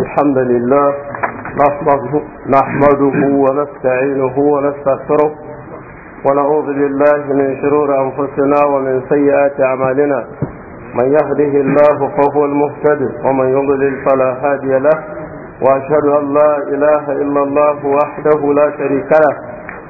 الحمد لله نحمده, نحمده ونستعينه ونستغفره ونعوذ بالله من شرور أنفسنا ومن سيئات أعمالنا من يهده الله فهو المهتد ومن يضلل فلا هادي له وأشهد أن لا إله إلا الله وحده لا شريك له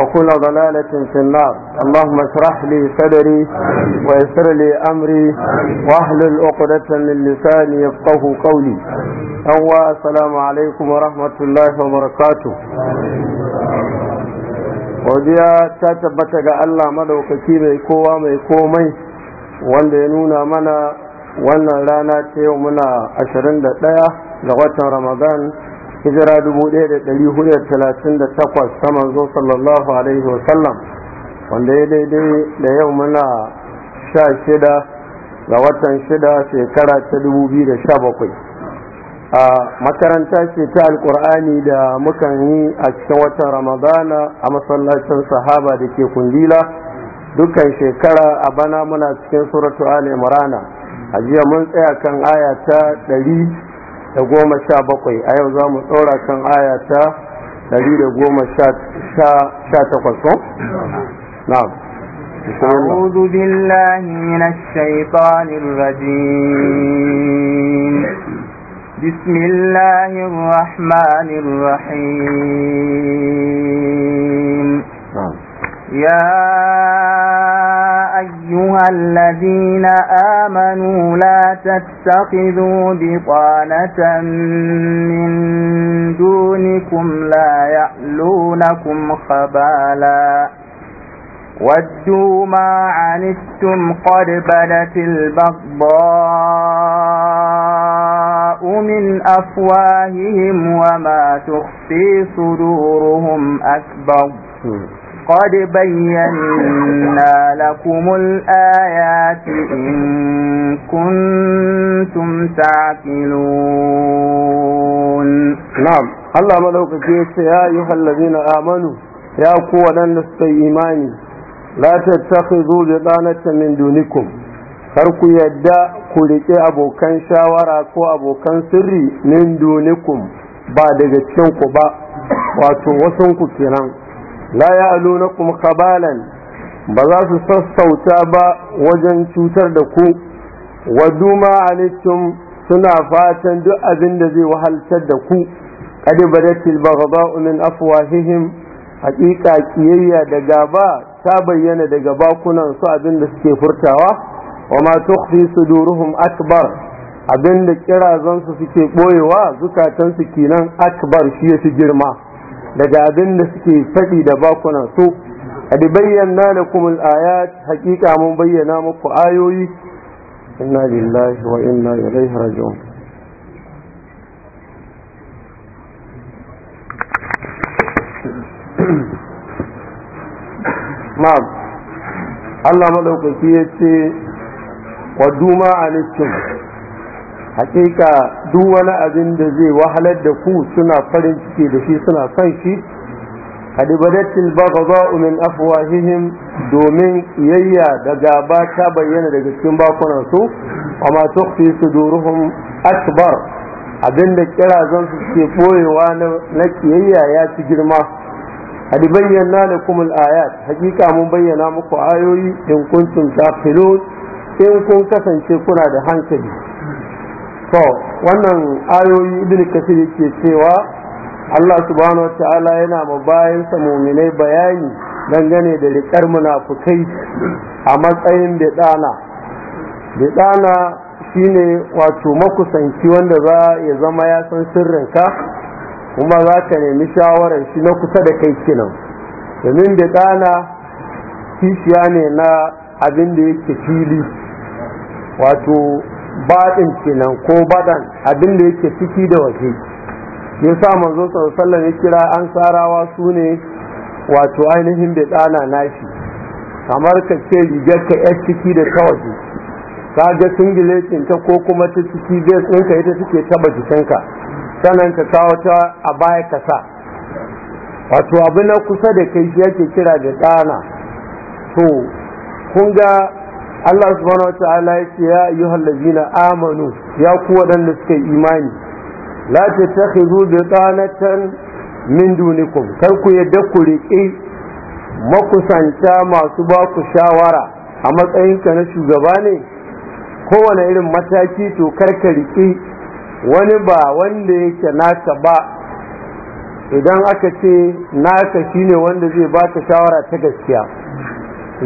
وكل ضلالة في النار اللهم اشرح لي صدري ويسر لي أمري واحلل عقدة من Hauwa يفقه قولي أو السلام عليكم ورحمة الله وبركاته godiya ta tabbata ga Allah madaukaki mai kowa mai komai wanda ya nuna mana wannan rana ta yau muna ɗaya ga watan ramadan hijira takwas ta manzo sallallahu alaihi wasallam wanda ya daidai da yau muna sha shida ga watan shida shekara ta dubu biyu da bakwai a makaranta ce ta alkur'ani da mukan yi a cikin watan ramadana a masallacin sahaba da ke kundila dukkan shekara a bana muna cikin suratu al imrana a jiya mun tsaya kan aya ta ɗari. da goma sha bakwai a yau za mu tsora kan aya ta dari da goma sha takwas Na na'am أعوذ بالله من الشيطان الرجيم بسم الله الرحمن الرحيم يا أيها الذين آمنوا لا تتخذوا بطانة من دونكم لا يألونكم خبالا ودوا ما عنتم قد بدت البغضاء من أفواههم وما تخفي صدورهم أكبر قد بينا لكم الآيات إن كنتم تعقلون نعم الله ملوك كيس يا أيها الذين آمنوا يا قوة لنسك إيماني لا تتخذوا بطانة من دونكم karku yadda ku riƙe abokan shawara ko abokan sirri min dunikum ba daga cikin ku ba wato wasan ku kenan la ya'lunakum khabalan ba za su sassauta ba wajen cutar da ku wa duma anittum suna fatan duk abin da zai wahaltar da ku qad badatil baghdha'u min afwahihim haqiqa kiyayya da gaba ta bayyana daga bakunan su abin da suke furtawa wa ma tukhfi suduruhum akbar abin da kirazansu suke ɓoyewa zukatansu kinan akbar shi ya fi girma daga abin da suke faɗi da bakuna so adi bayyana lakum kuma ayat haqiqa mun bayyana muku ayoyi inna lillahi wa inna ilaihi raji'un ma'am Allah madaukaki yace wa duma anikum hakika duk wani abin da zai wahalar da ku suna farin ciki da shi suna son shi قد domin البغضاء da gaba ta bayyana daga cikin دقسكين باكونا سو وما su صدورهم akbar abin da zan su ke boyewa na kiyayya ya ci girma hadi bayyana da kuma ayat hakika mun bayyana muku ayoyi in kuntum tafilun in kun kasance kuna da hankali to wannan ayoyi ibn kasir yake cewa Allah subhanahu wataala yana ma bayansa muminai bayani dangane da riƙar munafukai a matsayin bidana bidana shine wato makusanci wanda za ya zama ya san sirrinka kuma za ka nemi shawarar shi na kusa da kai kinan domin bidana kishiya ne na abin da yake fili wato baɗin kenan ko baɗan abinda yake ciki da waje ya sa manzo sallallahu ya kira an sarawa su ne wato ainihin da ɗana nashi kamar ka ce rigar ka yar ciki da ta waje ka ga singiletin ta ko kuma ta ciki zai tsinka ita suke taba jikinka sannan ka kawo ta a baya ka sa wato abu na kusa da kai shi yake kira da ɗana to kun ga Allah subhanahu wa ta'ala ya ce ya ayyuhal ladina amanu ya ku waɗanda suka yi imani la tattakhidhu bitanatan min dunikum kar ku yadda ku riƙi makusanta masu ba ku shawara a matsayin ka na shugaba ne kowane irin mataki to kar ka riƙi wani ba wanda yake naka ba idan aka ce naka shine wanda zai ba ka shawara ta gaskiya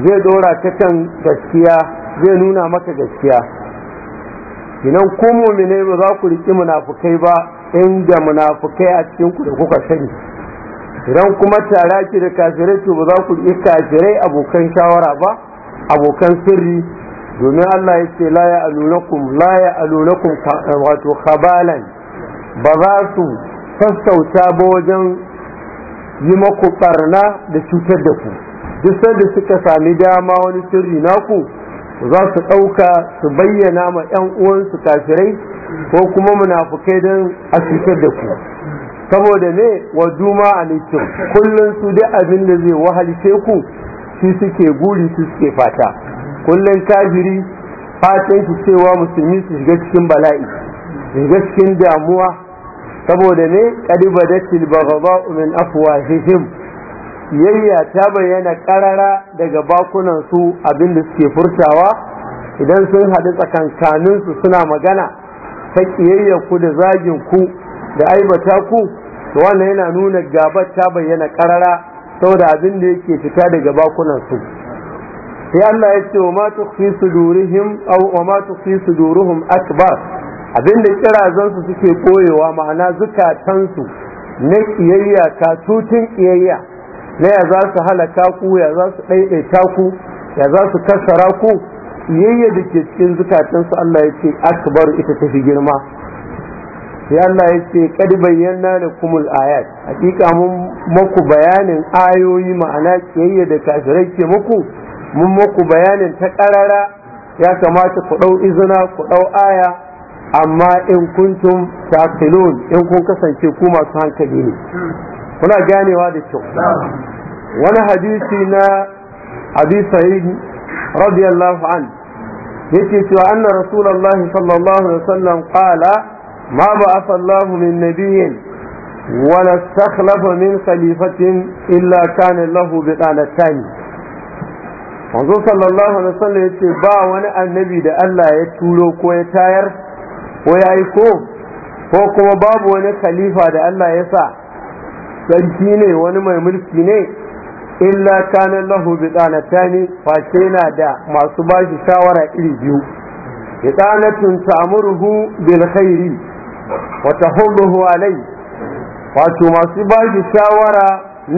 zai dora ta kan gaskiya zai nuna maka gaskiya inan ku mu'mine ba za ku riƙi munafukai ba inda munafukai a cikin ku da kuka sani idan kuma tara ki da kafirai to ba za ku riki kafirai abokan shawara ba abokan sirri domin Allah ya ce la ya alunakum la ya alunakum wato khabalan ba za su sassauta ba wajen yi maku barna da cutar da ku duk sanda suka sami dama wani sirri naku za su ɗauka su bayyana ma 'yan uwansu kafirai ko kuma munafukai don a cutar da ku saboda ne wa duma a nitin kullum su dai abin da zai wahalce ku shi suke guri su suke fata kullum kafiri fatan shi cewa musulmi su shiga cikin bala'i shiga cikin damuwa saboda ne kadiba da min afwahihim kiyayya ta bayyana karara daga bakunan su abin da suke furtawa idan sun haɗu tsakankanin su suna magana ta kiyayya ku da zagin ku da aibata ku to wannan yana nuna gabar ta bayyana karara saboda abin da yake fita daga bakunan su sai Allah ya ce wa ma fi sudurihim aw wa ma suduruhum akbar abin da kirazan su suke koyewa ma'ana zukatansu na kiyayya ka tutun kiyayya na ya za su halaka ku ya za su ɗaiɗaita ku ya za su kassara ku yayya da ke cikin zukatansu Allah ya ce akbar ita ta fi girma sai Allah ya ce kad bayyana da kumul ayat hakika mun muku bayanin ayoyi ma'ana kiyayya da kafirai ke muku mun maku bayanin ta ƙarara ya kamata ku ɗau izina ku ɗau aya amma in kuntum taqilun in kun kasance ku masu hankali ne kuna ganewa da kyau wani hadisi na abi sa'id radiyallahu an yake cewa anna rasulullahi sallallahu alaihi wasallam qala ma ba'atha Allahu min nabiyyin ولا min khalifatin illa kana lahu bi بطانتان manzo sallallahu alaihi wasallam yace ba wani annabi da Allah ya turo ko ya tayar ko ya aiko ko kuma babu wani khalifa da Allah ya sa sarki ne wani mai mulki ne illa kana lahu bi tsanatani face yana da masu bashi shawara iri biyu bi tsanatun ta'muruhu bil khairi wa tahulluhu alai wato masu bashi shawara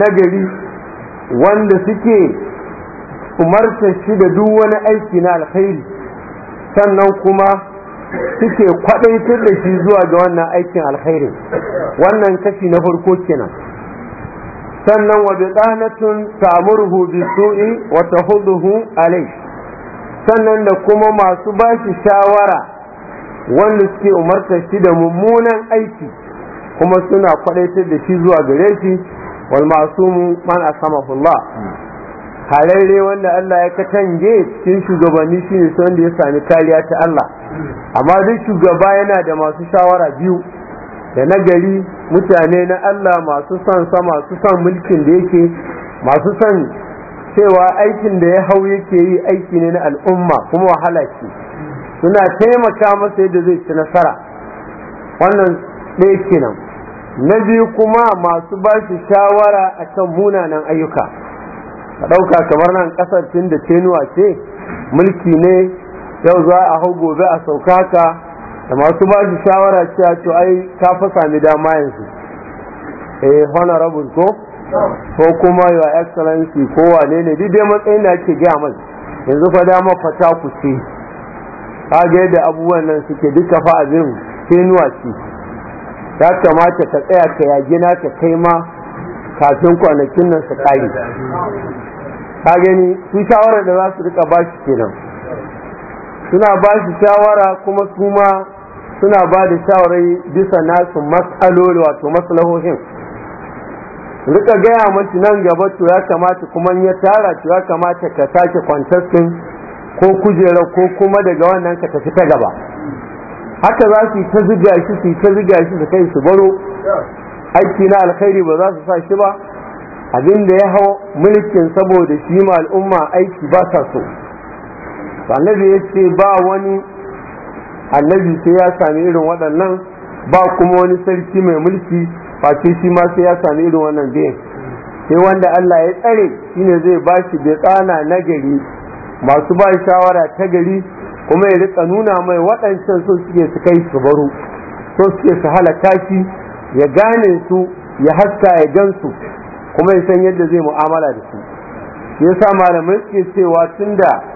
nagari wanda suke umarta shi da duk wani aiki na alkhairi sannan kuma suke kwadaitar da shi zuwa ga wannan aikin alkhairin wannan kashi na farko kenan sannan wa samurhu bi su'i wa tahudduhu alayh sannan da kuma masu bashi shawara wanda suke umarta shi da mummunan aiki kuma suna kwadaita da shi zuwa gare shi wal masumu man asamahu Allah halalle wanda Allah ya katange cikin shugabanni shine wanda ya sami kariya ta Allah amma duk shugaba yana da masu shawara biyu da nagari mutane na Allah masu son sa masu son mulkin da yake masu son cewa aikin da ya hau yake yi aiki ne na al'umma kuma wahala ce suna taimaka masa yadda zai ci nasara wannan ɗaya kenan na biyu kuma masu ba shi shawara a kan munanan ayyuka ka ɗauka kamar nan ƙasar tun da tenuwa ce mulki ne yau za a hau gobe a sauka ka da masu ba su shawara cewa to ai ka fa sami dama yanzu eh honorable ko ko kuma your excellency ko wane ne duk dai matsayin da ake gaya mai yanzu fa dama fata ku ce ka ga yadda abubuwan nan suke duka fa abin kenuwa ce ya kamata ka tsaya ka na ka kai ma kafin kwanakin nan su kare ka gani su shawara da za su rika ba shi kenan suna ba shi shawara kuma su suna ba da shawarai bisa nasu matsaloli wato maslahohin rika gaya mace nan gaba to ya kamata kuma ya tara to ya kamata ka sake kwantaskin ko kujera ko kuma daga wannan ka tafi ta gaba haka za su yi ta zuga shi su yi ta zuga shi su kai su baro aiki na alkhairi ba za su sa shi ba abin da ya hau mulkin saboda shi ma al'umma aiki ba sa so annabi ya ce ba wani annabi sai ya sami irin waɗannan ba kuma wani sarki mai mulki face shi ma sai ya sami irin wannan biyan sai wanda Allah ya tsare shine zai ba shi bai tsana na gari masu ba shawara ta gari kuma ya rika nuna mai waɗancan so suke su kai su baro so suke su halaka shi ya gane su ya haska ya gansu kuma ya san yadda zai mu'amala da su yasa malamai suke cewa tunda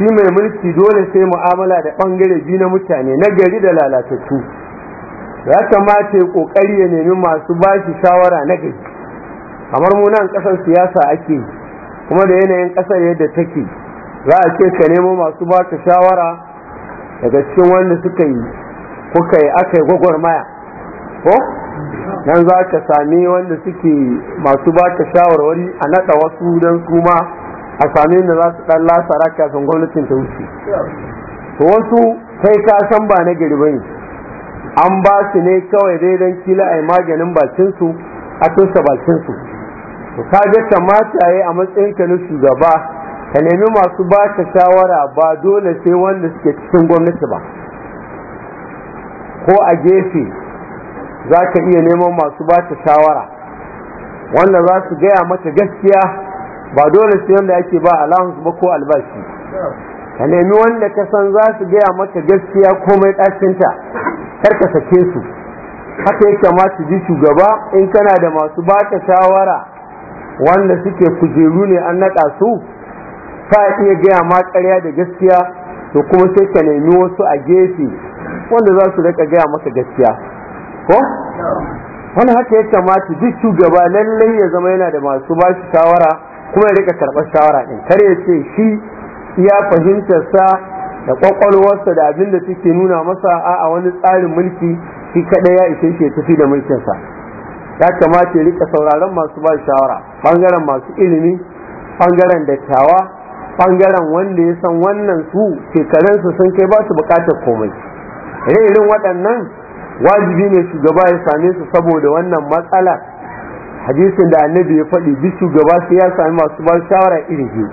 shi mai mulki dole sai mu'amala da bangare biyu na mutane na gari da lalatattu ya kamata ya kokari ya nemi masu bashi shawara na gari kamar mu nan kasar siyasa ake kuma da yanayin kasar yadda take za a ce ka nemo masu baka shawara daga cikin wanda suka yi kuka yi aka yi gwagwarmaya ko nan za ka sami wanda suke masu baka shawarwari a naɗa wasu don su a same da za su ɗan raka sun gwamnatin ta wuce wasu sai ka san ba na gari bane an ba su ne kawai dai don kila a maganin bakinsu a tusa bakinsu to ka ga kamata yi a matsayinka na shugaba ka nemi masu ba ka shawara ba dole sai wanda suke cikin gwamnati ba ko a gefe za ka iya neman masu ba ta shawara wanda za su gaya mata gaskiya ba dole sai wanda ake ba allowance ba ko albashi ka nemi wanda ka san za su gaya maka gaskiya komai ɗacinta kar ka sake su haka ma su ji shugaba in kana da masu ba ta shawara wanda suke kujeru ne an naɗa su ka iya gaya ma ƙarya da gaskiya to kuma sai ka nemi wasu a gefe wanda za su rika gaya maka gaskiya ko wani haka ya kamata duk shugaba lallai ya zama yana da masu ba shi shawara kuma ya rika karɓar shawara ɗin kar ya ce shi ya fahimtarsa da ƙwaƙwalwarsa da abin da suke nuna masa a wani tsarin mulki shi kaɗai ya ishe shi ya tafi da mulkinsa ya kamata ya rika sauraron masu ba shawara ɓangaren masu ilimi ɓangaren dattawa ɓangaren wanda ya san wannan su shekarunsa sun kai ba su buƙatar komai irin waɗannan wajibi ne shugaba ya same su saboda wannan matsalar. hadisin da annabi ya faɗi duk shugaba sai ya sami masu ba shawara irin shi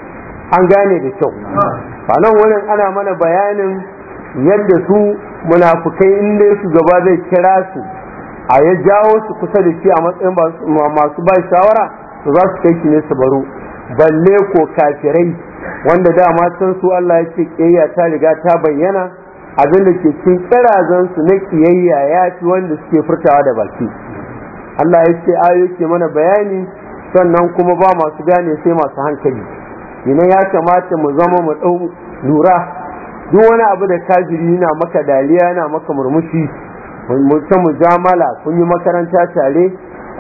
an gane da kyau a nan wurin ana mana bayanin yadda su munafukai inda shugaba zai kira su a ya jawo su kusa da shi a matsayin masu ba shawara to za su kai shi ne su baro balle ko kafirai wanda dama can su Allah ya ce kiyayya ta riga ta bayyana abin da ke cikin kirazansu na kiyayya ya fi wanda suke furtawa da baki Allah ya ce ayo ke mana bayani sannan kuma ba masu gane sai masu hankali ina ya kamata mu zama mu ɗau lura duk wani abu da kajiri yana maka daliya yana maka murmushi ta mujamala kun yi makaranta tare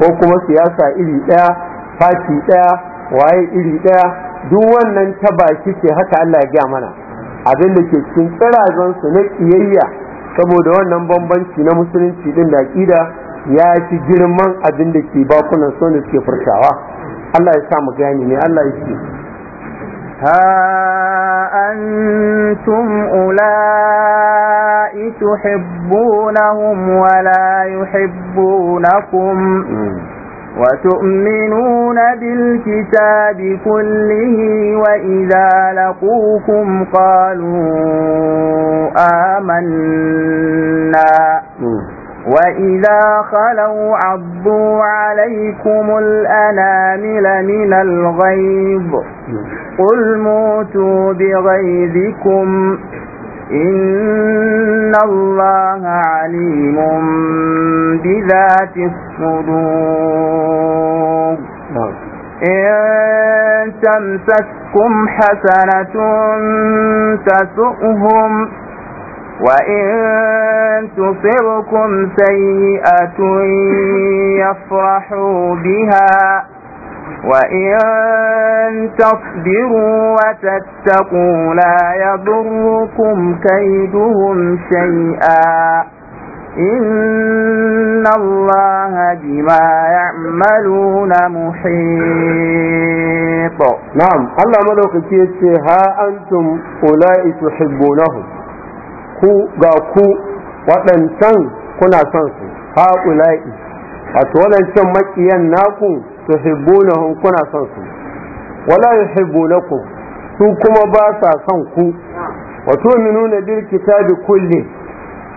ko kuma siyasa iri ɗaya fati ɗaya waye iri ɗaya duk wannan ta baki ce haka Allah ya gaya mana abin da ke cikin tsirazansu na ƙiyayya saboda wannan bambanci na musulunci din da ƙida ya fi girman abin da ke bakunan son da suke furtawa Allah ya samu gani ne Allah ya ce ha antum ulai tuhibbunahum wa la yuhibbunakum وتؤمنون بالكتاب كله وإذا لقوكم قالوا آمنا وإذا خلوا عضوا عليكم الأنامل من الغيظ قل موتوا بغيظكم إن الله عليم بذات الصدور إن تَمْسَسْكُمْ حسنة تسؤهم وإن تصركم سيئة يفرحوا بها وإن تصبروا وتتقوا لا يضركم كيدهم شيئا إن الله بما يعملون محيط نعم الله ملوك كيسي ها أنتم أولئك تحبونهم ku ga ku waɗancan kuna son su haƙula'i wato waɗancan maƙiyan naku tuhibbunahum kuna son su wala yuhibbunakum su kuma ba sa son ku wato minuna dirkita kitabi kulle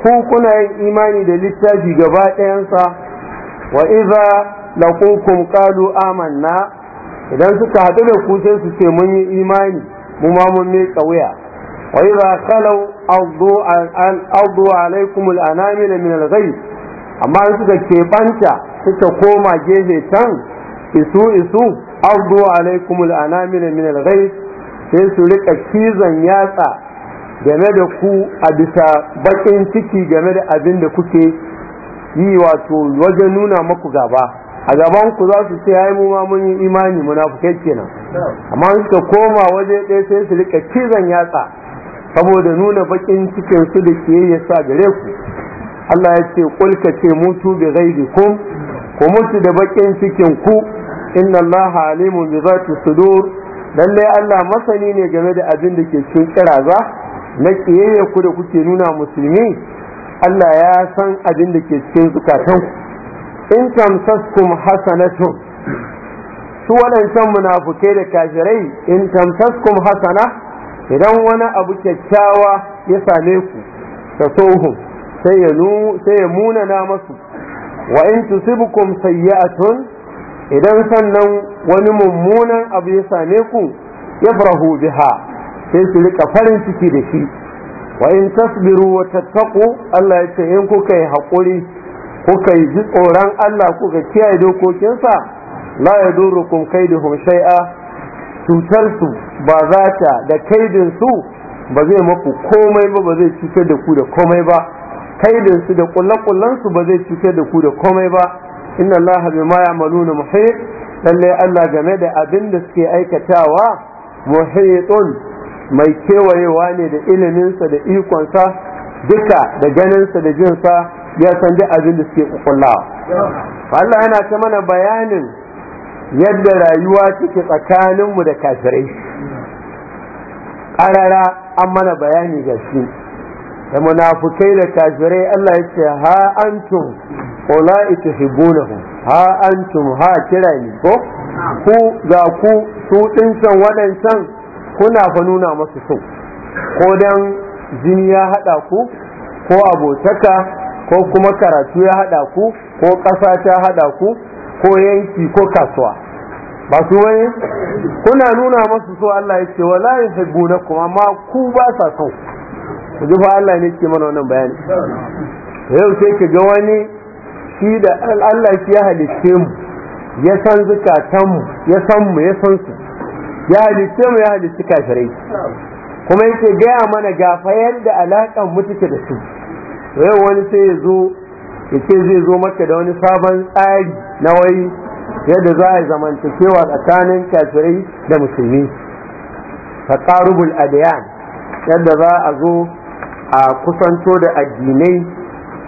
ku kuna yin imani da littafi gaba ɗayansa wa idza laqukum ƙalu amanna idan suka haɗu da ku sai su ce mun yi imani mu ma mun miƙa wuya وإذا خلوا أضوا عليكم الأنامل من الغيب amma in suka keɓanta suka koma gefe tan isu isu ardu alaikumul anamina min alghayb sai su rika cizon yatsa game da ku a bisa bakin ciki game da abin da kuke yi wato wajen nuna maku gaba a gabanku ku za su ce ai mun yi imani munafukai kenan amma in suka koma waje ɗaya sai su rika cizon yatsa saboda nuna bakin cikin su da ke sa gare ku Allah ya ce kulka ce mutu bi ghaibi ku ku mutu da bakin cikin ku inna Allah alimun bi zati sudur lalle Allah masani ne game da abin da ke cikin kiraza na kiyaye ku da kuke nuna musulmi Allah ya san abin da ke cikin zukatan ku in tamsaskum hasanatun su waɗancan munafukai da kafirai in tamsaskum hasana idan wani abu kyakkyawa ya same ku ta sohu sai ya munana masu wa in tusibukum tun? idan sannan wani mummunan abu ya same ku ya yafrahu biha sai su rika farin ciki da shi wa in tasbiru wa tattaqu Allah ya ce in kuka yi haƙuri kuka yi ji tsoron Allah kuka kiyaye dokokinsa la yadurukum kaiduhum shay'a cutarsu ba za ta da kaidinsu ba zai maku komai ba ba zai cutar da ku da komai ba kaidinsu da su ba zai cutar da ku da komai ba inna allaha bima ya'maluna muhit lalle Allah game da abin da suke aikatawa muhitun mai kewayewa ne da iliminsa da ikonsa duka da ganinsa da jinsa ya san duk abin da suke kullawa Allah yana ta mana bayanin yadda rayuwa take tsakaninmu da kafirai ƙarara an mana bayani ga shi da munafukai da kafirai Allah ya ce ha antum ita, tuhibbunahum ha antum ha kira ni ko ku ga ku su ɗinsan waɗancan kuna fa nuna masu so ko don jini ya haɗa ku ko abotaka ko kuma karatu ya haɗa ku ko ƙasa ta haɗa ku ko yanki ko kasuwa ba su wani kuna nuna masu so Allah ya ce wala kuma amma ku ba sa so ku ji fa Allah ne ke mana wannan bayani yau sai ka ga wani shi da Allah shi ya halitte mu ya san zukatan mu ya san mu ya san su ya halitte mu ya halitte kafirai kuma yake gaya mana gafa yadda alaƙan mu take da su yau wani sai ya zo ya ce zai zo maka da wani sabon tsari na wai yadda za a zamanta cewa tsakanin kafirai da musulmi ƙarubul adiyan yadda za a zo a kusanto da addinai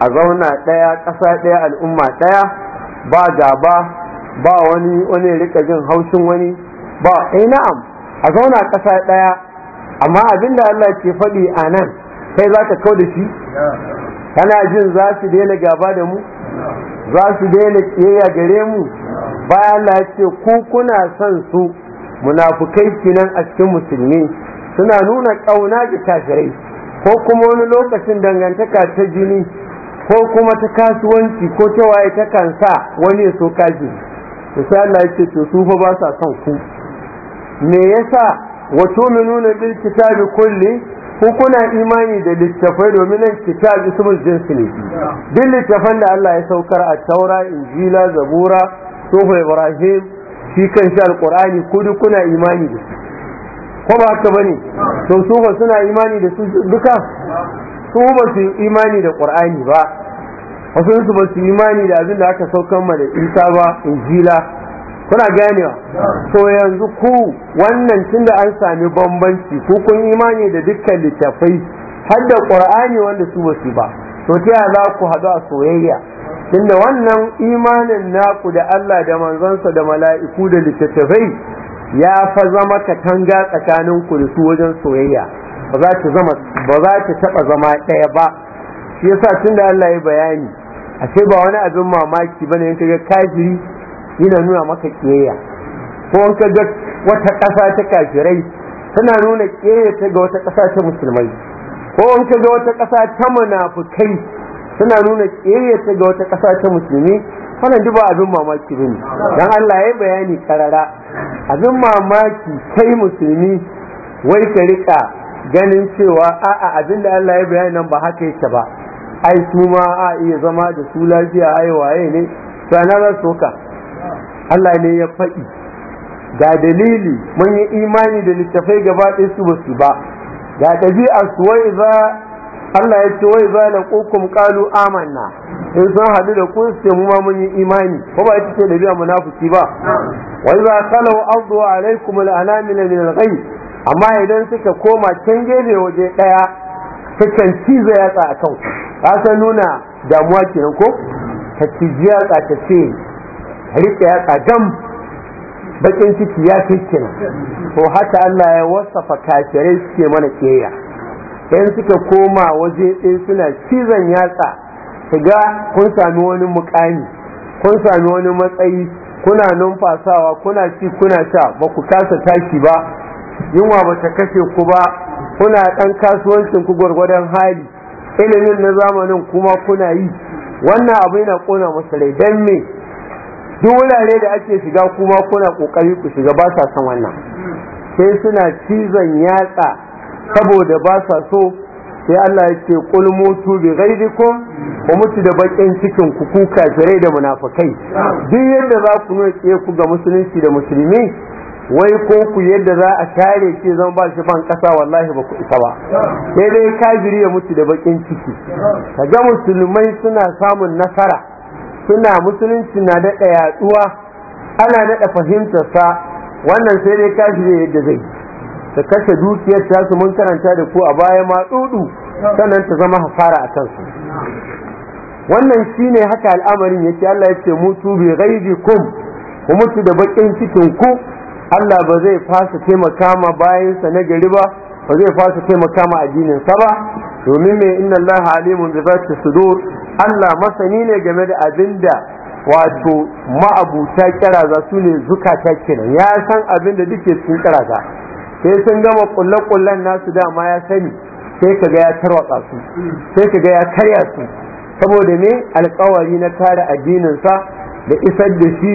a zauna ɗaya ƙasa ɗaya al'umma ɗaya ba gaba ba wani wani rika jin haushin wani ba "Ai eh, na'am a zauna ƙasa ɗaya amma abin da Allah ke faɗi a nan kai za ka kau da shi kana jin za su daina gaba da mu za su daina ƙiyayya gare mu baya Allah ce ku kuna son su munafukai kinan a cikin musulmi suna nuna ƙauna ga kafirai ko kuma wani lokacin dangantaka ta jini ko kuma ta kasuwanci ko ta waye ta kansa wani ya so kaji to sai Allah yake to su fa ba sa son ku me yasa wa tu'minuna bil kitabi kulli ku kuna imani da littafai domin nan su mun jinsi ne duk littafan da Allah ya saukar a taura injila zabura sufa ibrahim shi kan shi alkur'ani ko duk kuna imani da su ko ba haka bane to sufa suna imani da su duka su ba su imani da qur'ani ba wasu su ba su imani da abin da aka saukan ma da isa ba injila kuna ganewa to yanzu ku wannan tunda an sami bambanci ku kun imani da dukkan littafai har da qur'ani wanda su ba su ba to ta za ku haɗu a soyayya tunda wannan imanin naku da Allah da manzansa da mala'iku da littattafai ya fa zama katanga tsakanin ku da wajen soyayya ba za ta zama zama ɗaya ba shi yasa tunda Allah ya bayani A ce ba wani abin mamaki ba ne in kaga kafiri yana nuna maka kiyayya ko in kaga wata ƙasa ta kafirai tana nuna kiyayya ta ga wata ƙasa ta musulmai ko in kaga wata ƙasa ta munafukai suna nuna ƙiyayya ga wata ƙasa ta musulmi wannan duk ba abin mamaki bane dan Allah ya bayani karara abin mamaki kai musulmi wai ka rika ganin cewa a'a abin da Allah ya bayani nan ba haka yake ba ai su ma a iya zama da su lafiya ai waye ne to ana ba soka Allah ne ya faɗi ga dalili mun yi imani da littafai gaba ɗaya su ba ba ga ɗabi'a su wai za Allah ya ce wai za laqukum kalu amanna in sun hadu da kun ce mu ma mun yi imani ko ba ita ce da biya munafiki ba wai za qalu ardu alaikum al-anamil min al amma idan suka koma can gefe waje daya sukan ciza yatsa kan ka san nuna damuwa kenan ko Ka ciji yatsa ta ce rike yatsa dam bakin ciki ya fi Ko to haka Allah ya wasafa kafirai suke mana keya sai suka koma waje ɗaya suna cizon yatsa ga kun sami wani mukami kun sami wani matsayi kuna numfasawa kuna ci kuna sha ba ku kasa tashi ba yunwa ba ta kashe ku ba kuna ɗan kasuwancin ku gwargwadon hali ilimin na zamanin kuma kuna yi wannan abu yana kona masa rai don me duk wurare da ake shiga kuma kuna kokari ku shiga ba sa son wannan sai suna cizon yatsa saboda ba sa so sai Allah ya ce qul mutu bi ghaidikum wa mutu da bakin cikin ku ku kafirai da munafikai duk yadda za ku nuna ku ga musulunci da musulmi wai ko ku yadda za a kare ke zan ba shi ban kasa wallahi ba ku isa ba sai dai kafiri ya mutu da bakin ciki kaga musulmai suna samun nasara suna musulunci na daɗa yaduwa ana daɗa fahimtar sa wannan sai dai kafiri yadda zai da kashe dukiyar ta mun karanta da ku a baya ma dudu sannan ta zama hafara a kansu wannan shine haka al'amarin yake Allah ya ce mutu bi kum ku mutu da bakin cikin ku Allah ba zai fasa taimaka ma bayansa na gari ba ba zai fasa taimaka ma addinin sa ba domin me inna Allah alimun bi zati sudur Allah masani ne game da abinda wato ma'abuta za su ne zukata kenan ya san abinda duke cikin kiraza sai sun gama kulle-kullen nasu dama ya sani sai ka ya tarwatsa su sai kaga ya karya su saboda ne alkawari na kare addininsa da isar da shi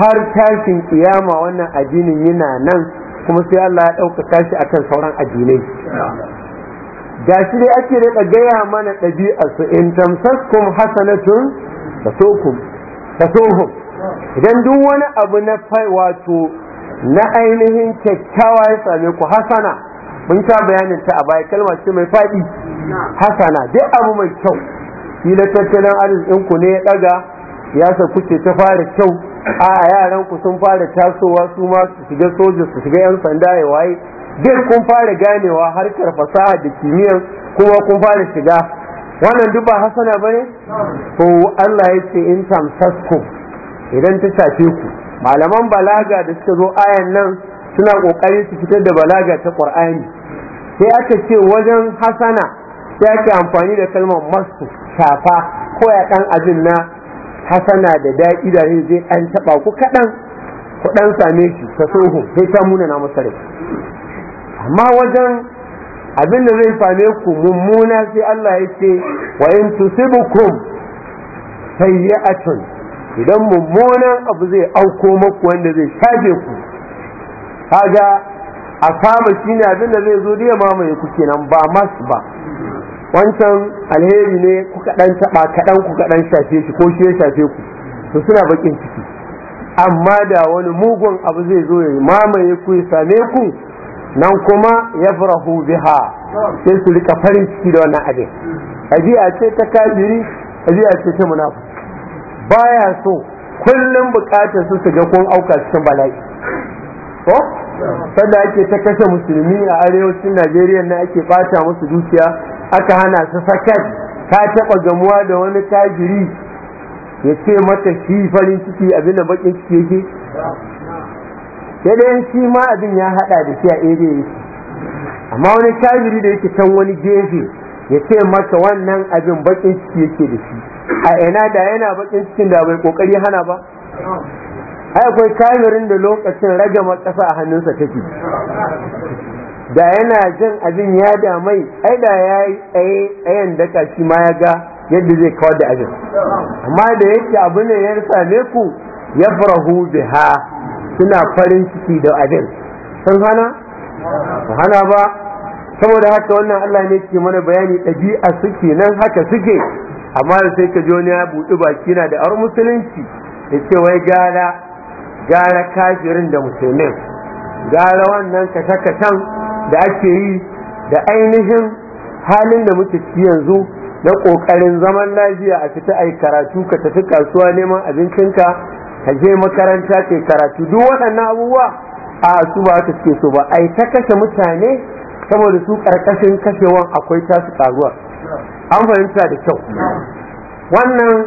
har tashin kiyama wannan addinin yana nan kuma sai Allah ya ɗaukaka shi akan sauran addinai shi dai ake da gaya mana ɗabi'arsu in tamsaskum hasanatun da tasohum idan duk wani abu na wato na ainihin kyakkyawa ya same ku hasana mun sha bayanin ta a baya kalma ce mai faɗi hasana duk abu mai kyau shi na tattalin arzikin ku ne ya daga ya sa kuke ta fara kyau a yaran ku sun fara tasowa su ma su shiga soja su shiga yan sanda ya waye duk kun fara ganewa harkar fasaha da kimiyyar kuma kun fara shiga wannan duk ba hasana bane to Allah ya ce in tamsasku idan ta shafe ku malaman balaga da suka zo ayan nan suna ƙoƙarin su fitar da balaga ta ƙur'ani sai aka ce wajen hasana sai ake amfani da kalmar masu shafa ko ya dan abin na hasana da daɗi da zai an taɓa ku kaɗan ku ɗan same shi ta soho sai ta muna na masa amma wajen abin da zai same ku mummuna sai Allah ya ce wa in tusibukum sayyi'atun idan mummunan abu zai auko maku wanda zai shafe ku kaga a kama shi ne abin da zai zo da ya mamaye ku kenan ba masu ba wancan alheri ne ku kaɗan taɓa kaɗan ku kaɗan shafe shi ko shi ya shafe ku to suna bakin ciki amma da wani mugun abu zai zo ya mamaye ku ya same ku nan kuma ya farahu biha sai su rika farin ciki da wannan abin ajiya ce ta kafiri ajiya ce ta munafu. baya so kullum bukatar su su ga kun auka cikin bala'i ko sanda ake ta kashe musulmi a arewacin najeriya na ake bata musu dukiya aka hana su sakat ka taba gamuwa da wani kajiri ya ce maka shi farin ciki abin da bakin ciki yake dai shi ma abin ya hada da shi a area yake amma wani tajiri da yake can wani gefe ya ce mata wannan abin bakin ciki yake da shi a ina da yana bakin cikin da bai kokari hana ba ai akwai kamirin da lokacin rage matsafa a hannunsa take da yana jin abin ya damai ai da ya yi ayan da daka shi ma ya ga yadda zai kawar da abin amma da yake abu ne ya same ku ya farahu biha suna farin ciki da abin sun hana hana ba saboda haka wannan Allah ne ke mana bayani ɗabi'a suke nan haka suke amma da sai ka wani ya buɗi baki na da ar musulunci ya ce wai gara gara kafirin da musulmin gara wannan kashe-kashen da ake yi da ainihin halin da muke ci yanzu na ƙoƙarin zaman lafiya a fita ai karatu ka tafi kasuwa neman abincinka ka je makaranta ka karatu duk waɗannan abubuwa a su ba ka suke so ba ai ta kashe mutane saboda su ƙarƙashin kashewan akwai tasu ƙaruwa an fahimta da kyau wannan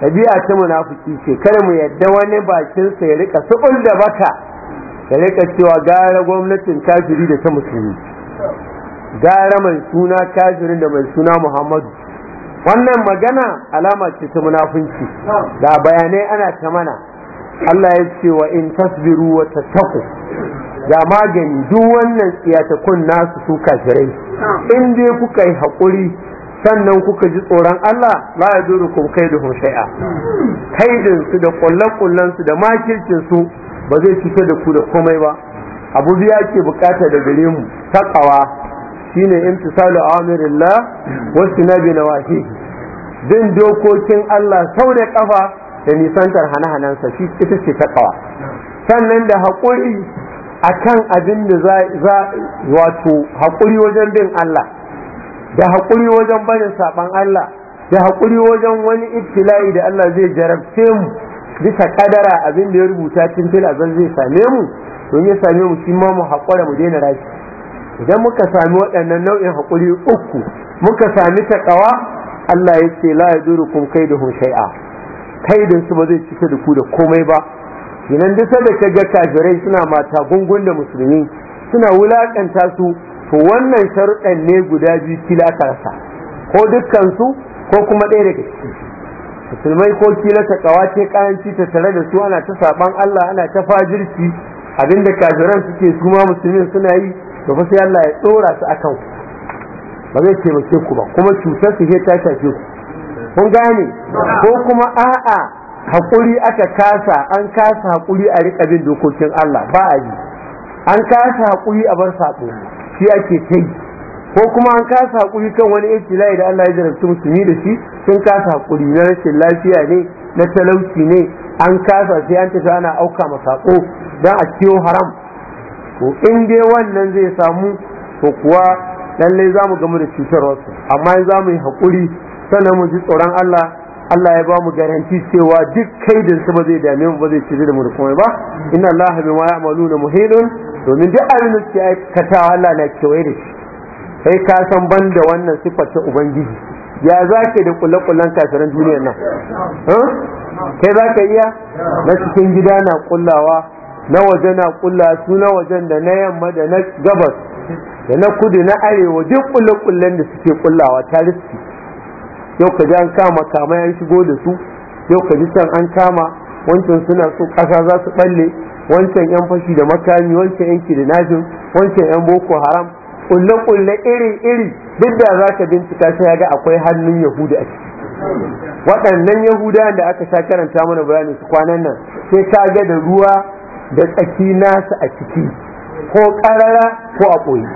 ɗabi'a ta munafuki ce kada mu yadda wani bakin sa ya rika subul da baka ya rika cewa gara gwamnatin kafiri da ta musulmi gara mai suna kafiri da mai suna muhammadu wannan magana alama ce ta munafunci ga bayanai ana ta mana Allah ya ce wa in tasbiru wa tattaku ga magani duk wannan tsiyatakun nasu su kafirai in dai kuka yi haƙuri sannan kuka ji tsoron Allah la ya zuru kun kai da shai'a Kaidinsu su da kullen su da makircin su ba zai cuta da ku da komai ba abu biya ke bukata da gare mu takawa shine imtisalu la wasu na bi na nawahi bin dokokin Allah sau da kafa da nisantar hane-hanensa shi ita ce ta taƙawa sannan da haƙuri a kan abin da za wato haƙuri wajen bin Allah da haƙuri wajen barin saɓan Allah da haƙuri wajen wani ibtila'i da Allah zai jarabce mu bisa ƙadara abin da ya rubuta cikin fil zan zai same mu to ya same mu shi ma mu haƙura mu daina rashi idan muka sami waɗannan nau'in haƙuri uku muka sami taƙawa Allah ya ce la yadurukum kaiduhum shay'a kaidin su ba zai cike da ku da komai ba idan duk da ka ga kafirai suna mata gungun da musulmi suna wulakanta su to wannan sharuɗan ne guda biyu kilatarsa ko dukkansu ko kuma ɗaya daga ciki musulmai ko kilata kawace karanci ta tare da su ana ta saban Allah ana ta fajirci abinda kafiran suke su ma musulmin suna yi to fa sai Allah ya tsora su akan ku ba zai taimake ku ba kuma cutar su ta shafe ku kun gane ko kuma a'a hakuri aka kasa an kasa hakuri a rika bin dokokin Allah ba a yi an kasa hakuri a bar sako shi ake kai ko kuma an kasa hakuri kan wani ibtila'i da Allah ya jarabta musulmi da shi sun kasa hakuri na rashin lafiya ne na talauci ne an kasa sai an tafi ana auka ma sako dan a ciwo haram Ko in dai wannan zai samu ko kuwa lallai zamu mu gamu da wasu amma in mu yi hakuri sannan mu ji tsoron Allah Allah ya ba mu garanti cewa duk kaidin su ba zai dame mu ba zai cire mu da komai ba inna Allah bima ya'maluna muhidun domin duk abin da suke aikatawa Allah na kewaye da shi Sai ka san banda wannan sifar ta ubangiji ya zake da kullakullan kasaran duniyar nan kai za ka iya na cikin gida na kullawa na waje na kulla su na wajen da na yamma da na gabas da na kudu na arewa duk kullakullan da suke kullawa ta riski yau ka ji an kama kama ya shigo da su yau ka ji can an kama wancan suna so ƙasa za su ɓalle wancan 'yan fashi da makami wancan 'yan kirinajin wancan 'yan boko haram kulle-kulle iri-iri duk da za ka bincika sai ga akwai hannun yahudu a ciki waɗannan yahudawan da aka sha karanta mana bayani su kwanan nan sai ka ga da ruwa da tsaki nasu a ciki ko ƙarara ko a ƙoyi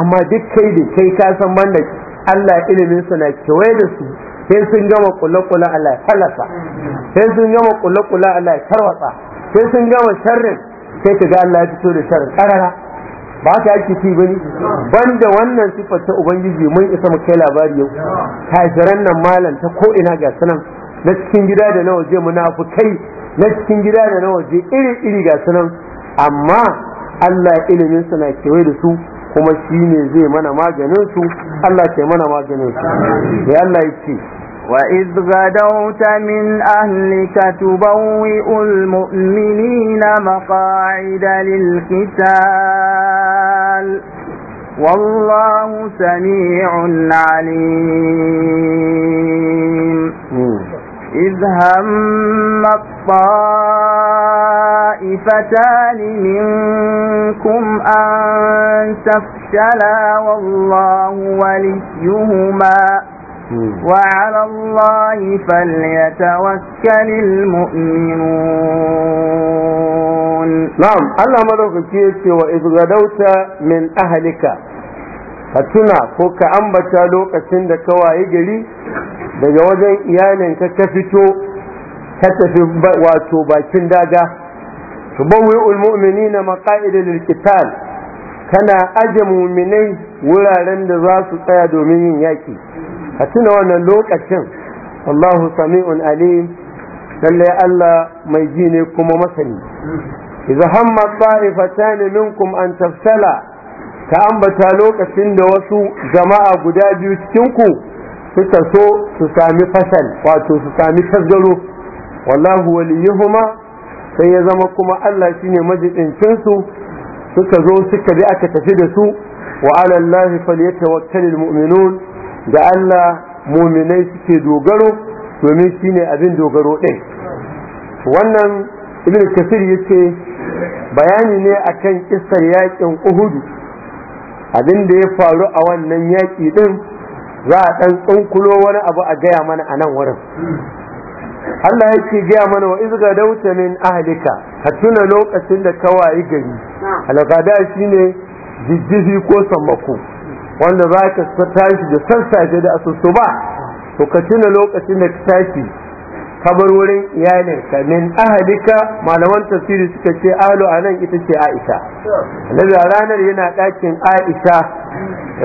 amma duk kai da kai ka san banda Allah ilimin na kewaye da su sai sun gama kula-kula Allah falasa sai sun gama kula-kula Allah tarwatsa sai sun gama sharrin sai ka ga Allah ya fito da sharrin karara ba ka yake ci bane banda wannan sifar ta ubangiji mun isa mu kai labari yau kafiran nan malam ta ko ina ga sanan na cikin gida da na waje munafikai na cikin gida da na waje iri iri ga sanan amma Allah ilimin na kewaye da su kuma shi ne zai mana maganin su Allah ke mana maganin su sai Allah ya ce وإذ غدوت من أهلك تبوئ المؤمنين مقاعد للقتال والله سميع عليم إذ هم الطائفتان منكم أن تفشلا والله وليهما وعلى الله فليتوكل المؤمنون نعم الله مدوك كيسي وإذ غدوت من أهلك ka tuna ko ka ambata lokacin da ka waye gari daga wajen iyalinka ka fito ka tafi wato bakin daga tubawwi'ul mu'minina na lil qital kana aje mu'minai wuraren da za su tsaya domin yin yaki ka tuna wannan lokacin Allahu sami'un alim lalle Allah mai ji ne kuma masani idza hamma ta'ifatan minkum an tafsala ta ambata lokacin da wasu jama'a guda biyu cikin ku suka so su sami fasal wato su sami tasgaro wallahu waliyuhuma sai ya zama kuma Allah shine majidincin su suka zo suka bi aka tafi da su wa ala Allah falyatawakkalul mu'minun da Allah mu'minai suke dogaro domin shine abin dogaro din wannan ibn kasir yace bayani ne akan kissar yakin uhudu abin da ya faru a wannan yaƙi ɗin za a ɗan tsunkulo wani abu a gaya mana a nan wurin Allah ya ce gaya mana wa izga wuce min ahlika ka tuna lokacin da ka wayi gari alƙada shine jijjihi ko sammako wanda za ka tashi da sassafe da asusu ba to ka tuna lokacin da ka tashi kabar wurin kanin min ahadika malaman tafsiri suka ce a anan ita ce aisha annabi ranar yana ɗakin aisha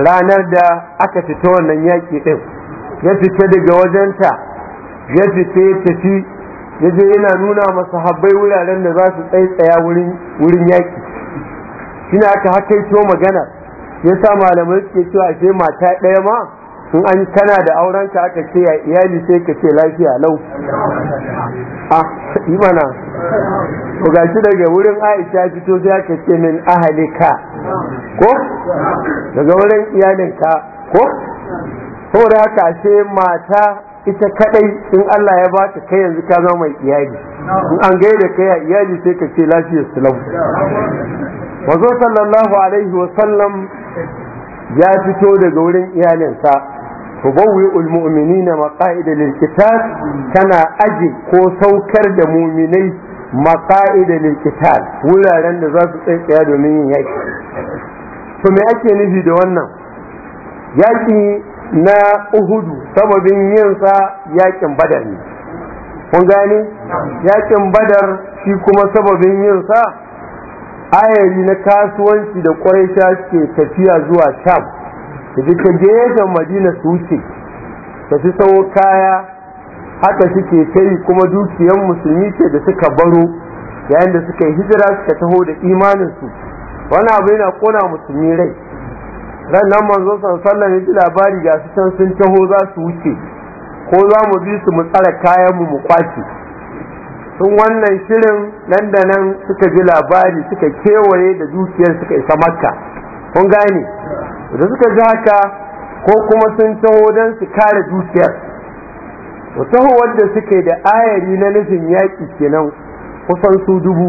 ranar da aka fito wannan yaƙi ɗin ya fita daga wajenta ya fita ya tafi ya je yana nuna masa habbai wuraren da za su tsaitsaya wurin yaƙi ne aka hakaito magana ya sa malamai suke cewa ashe mata ɗaya ma in an tana da auren ka aka ce ya iyali sai ka ce lafiya lau A ah, yi mana ga shi daga wurin Aisha fito sai aka ce min ahalika ko daga wurin iyalinka ko saboda haka ce mata ita kadai in Allah ya ba ta kai yanzu ka zama mai iyali in an da kai a iyali sai ka ce lafiya lau? wazo sallallahu alaihi wa sallam ya fito daga wurin iyalinsa tubawwi'ul mu'minina maqa'ida lil tana kana aji ko saukar da mu'minai maqa'ida lil qital wuraren da za su tsaya domin yin yaki to me ake nufi da wannan yaki na uhudu sababin yin yaƙin badar ne kun gane badar shi kuma sababin yin sa ayari na kasuwanci da ƙwarai suke tafiya zuwa sham su bi ta gefen madina su wuce ta fi sawo kaya haka suke kai kuma dukiyar musulmi ce da suka baro yayin da suka yi hijira suka taho da imaninsu wani abu yana kona musulmi rai ran nan manzo sallallahu ya ji labari ga su can sun taho za su wuce ko za mu bi su mu tsara kayan mu mu kwace sun wannan shirin nan da nan suka ji labari suka kewaye da dukiyar suka isa makka kun gane da suka ji haka ko kuma sun taho don su kare dukiyar taho wanda suke da ayari na nufin yaƙi kenan kusan su dubu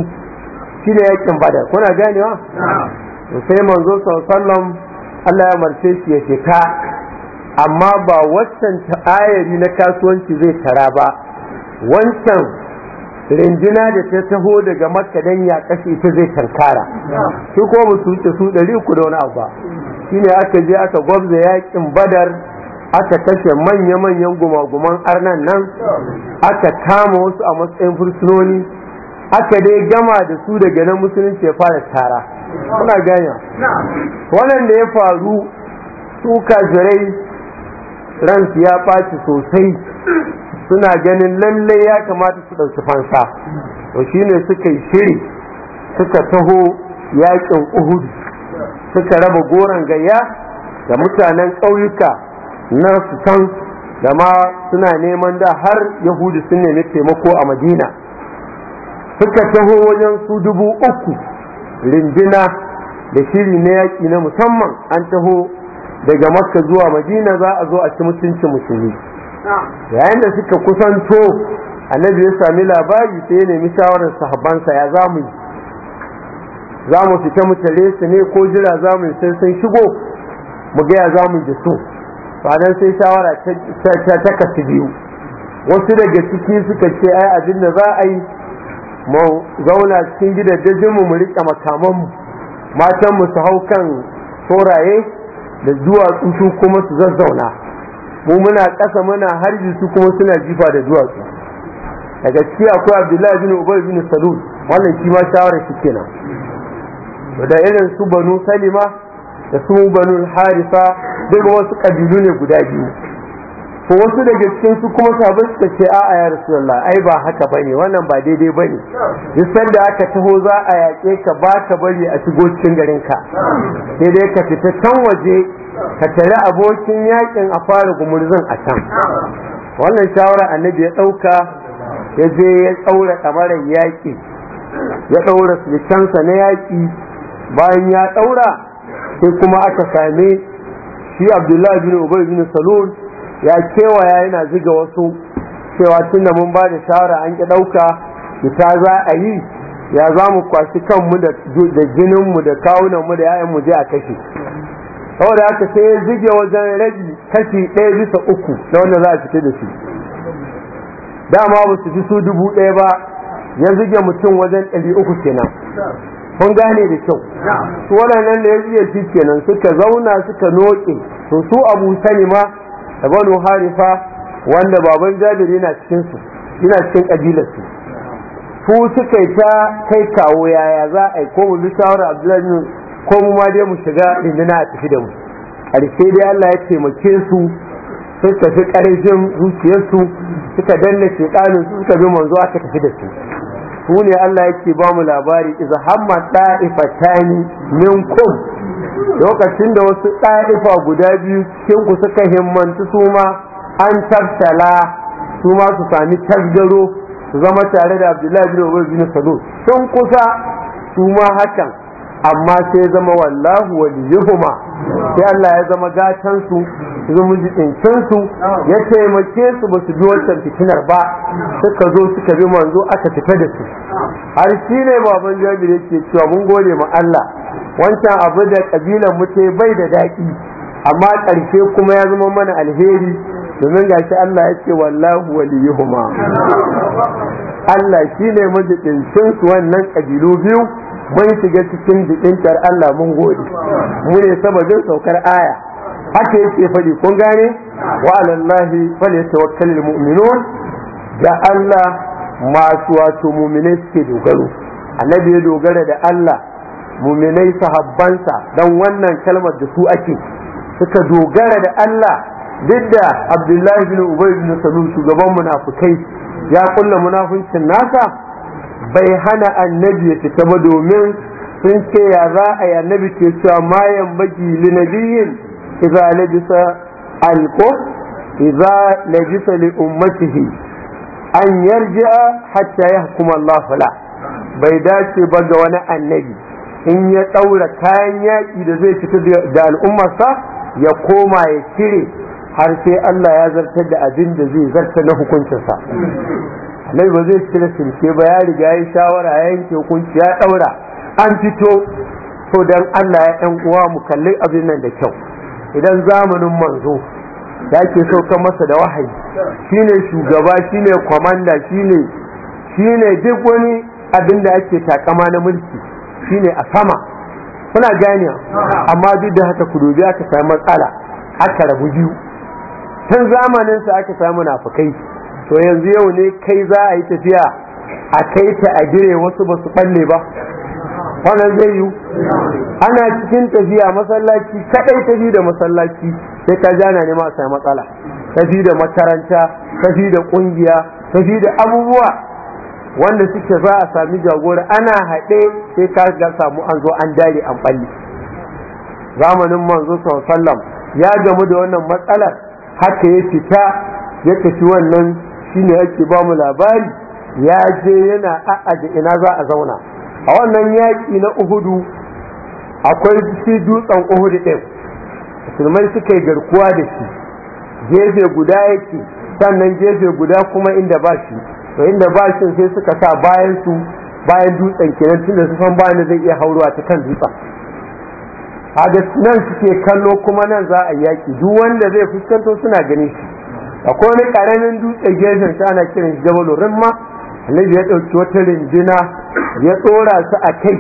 shi ne yaƙin badar kuna ganewa sai manzo sallam Allah ya marce shi ya fita amma ba wancan ayari na kasuwanci zai tara ba wancan rinjina da ta taho daga makka dan ya ta zai tankara shi ko ba su wuce su ɗari uku da wani abu ba shine aka je aka gwabza yakin badar aka kashe manya-manyan gumaguman arnan nan aka kama wasu a matsayin fursunoni aka dai gama da su daga nan musulunci ya fara tara kuna ganya wannan da ya faru su kafirai ransu ya ɓaci sosai suna ganin lallai ya kamata su ɗauki fansa to shine suka yi shiri suka taho yakin uhudu suka raba goron gayya da mutanen ƙauyuka na sutan da ma suna neman da har yahudu sun nemi taimako a madina suka taho wajen su dubu uku rindina da shiri na yaƙi na musamman an taho daga makka zuwa madina za a zo a ci mutunci musulmi yayin da suka kusanto annabi ya sami labari sai ya nemi shawarar sahabbansa ya zamu yi za mu fita mu tare su ne ko jira za mu yi sai shigo mu gaya za mu da su nan sai shawara ta takasi biyu wasu daga ciki suka ce ai abin da za a yi mu zauna cikin gidajen mu mu makaman makamanmu matan mu su hau kan sauraye da duwatsu su kuma su zazzauna mu muna ƙasa muna harji su kuma suna jifa da duwatsu daga ciki akwai abdullahi bin ubay bin salul wannan shi ma shawarar shi kenan da irin su banu salima da su banu harisa duk wasu kabilu ne guda biyu ko wasu daga cikin su kuma sabon suka ce a ya rasulullah ai ba haka bane wannan ba daidai bane duk sanda aka taho za a yaƙe ka ba ka bari a shigo cikin garin ka sai dai ka fita can waje ka tare abokin yakin a fara gumurzan a can wannan shawara annabi ya ɗauka ya je ya tsaura kamar yaƙi ya ɗaura sulkensa na yaƙi bayan ya ɗaura sai kuma aka same shi abdullahi bin ubay bin salul ya kewaya yana ziga wasu cewa tun da mun ba da shawara an ki ɗauka ita za a yi ya za mu kwashi kanmu da jininmu da kawunanmu da yayanmu je a kashe saboda haka sai ya zige wajen rabi kashi ɗaya bisa uku na wanda za a fita da shi dama ba su fi su dubu ɗaya ba ya zige mutum wajen ɗari uku kenan kun gane da kyau su waɗannan da ya jiya shi kenan suka zauna suka noke to su abu ma da banu harifa wanda baban jabiri yana cikin su yana cikin kabilar su su suka ta kai kawo yaya za a yi ko mu bi shawara abdullahi ko mu ma dai mu shiga dindina a tafi da mu ƙarshe dai Allah ya taimake su suka fi ƙarfin zuciyarsu suka danna shekarun su suka bi manzo aka tafi da su su ne Allah yake ba mu labari iza hamma min minkum lokacin da wasu ɗa'ifa guda biyu cikin ku suka himmantu su ma an tabtala su ma su sami tasgaro su zama tare da Abdullahi bin Ubay bin Salul sun kusa su ma hakan amma sai zama wallahu waliyuhuma sai Allah ya zama gatan su zama tsinkin su ya taimake su ba su bi wancan fitinar ba suka zo suka bi manzo aka tafi da su har shi ne baban jabir yake cewa mun gode ma Allah wancan abu da kabilan mu ce bai da daɗi amma ƙarshe kuma ya zama mana alheri domin shi Allah ya ce wallahu waliyuhuma Allah shine majiɗincin su wannan kabilu biyu bai shiga cikin jikintar Allah mun gode mu ne sababin saukar aya haka yake faɗi kun gane wa alallahi falyatawakkalul mu'minun ga Allah masu wato muminai suke dogaro annabi ya dogara da Allah muminai sahabbansa dan wannan kalmar da su ake suka dogara da Allah duk da Abdullahi bin Ubay bin Salul shugaban munafukai ya kulla munafuncin nasa bai hana annabi ya fita ba domin sun ce ya za a yi annabi ke cewa mayan baki li nabiyin iza labisa alko iza labisa li ummatihi an yarji'a hatta ya Allah fula bai dace ba ga wani annabi in ya daura kayan yaƙi da zai fita da al'ummarsa ya koma ya cire har sai Allah ya zartar da abin da zai zarta na hukuncinsa annabi ba zai cire sirke ba ya riga ya shawara ya yanke hukunci ya daura an fito to dan Allah ya ɗan uwa mu kalli abin nan da kyau idan zamanin manzo yake ke saukan masa da wahayi shine shugaba shine kwamanda shine shine duk wani abin da ake takama na mulki shine a sama kuna gane amma duk da haka ku dubi aka samu matsala aka rabu biyu tun zamanin sa aka samu nafukai to yanzu yau ne kai za a yi tafiya a kai ta a gire wasu ba su balle ba wannan zai yiwu ana cikin tafiya masallaci kaɗai tafi da masallaci sai ka jana ne matsala tafi da makaranta tafi da kungiya tafi da abubuwa wanda suke za a sami jagora ana haɗe sai ka ga samu an zo an dare an ɓalle. zamanin manzo sallam ya gamu da wannan matsalar haka ya fita ya tafi wannan shine yake ba mu labari ya je yana a'aje ina za a zauna a wannan yaƙi na uhudu akwai shi dutsen uhudu ɗin musulmai suka yi garkuwa da shi jefe guda yake sannan jefe guda kuma inda ba shi to inda ba shi sai suka sa bayan su bayan dutsen kenan tunda su san bayan zai iya hauruwa ta kan dutsen a nan suke kallo kuma nan za a yaƙi duk wanda zai fuskanto suna ganin. shi akwai wani karamin dutse gefen sa ana kiran jabalu rimma annabi ya ɗauki wata rinjina ya tsora su a kai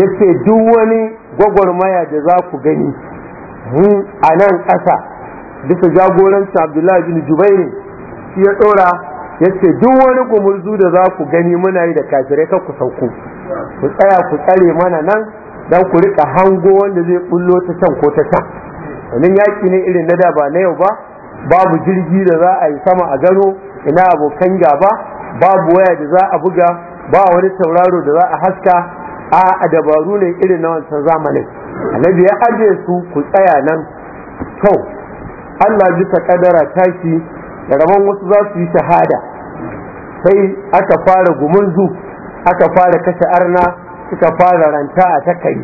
ya ce duk wani gwagwarmaya da za ku gani mu a nan ƙasa bisa jagoranci abdullahi bin jubairu shi ya tsora ya ce duk wani gumurzu da za ku gani muna yi da kafirai kan ku sauko ku tsaya ku tsare mana nan dan ku rika hango wanda zai bullo ta can ko ta can Wannan yaki ne irin na da ba na yau ba babu jirgi da za a yi sama a gano ina abokan gaba babu waya da za a buga ba wani tauraro da za a haska a dabaru ne irin na wancan zamanin annabi ya ajiye su ku tsaya nan to Allah ta kadara tashi da rabon wasu za su yi shahada sai aka fara gumunzu aka fara kashe arna suka fara ranta a takai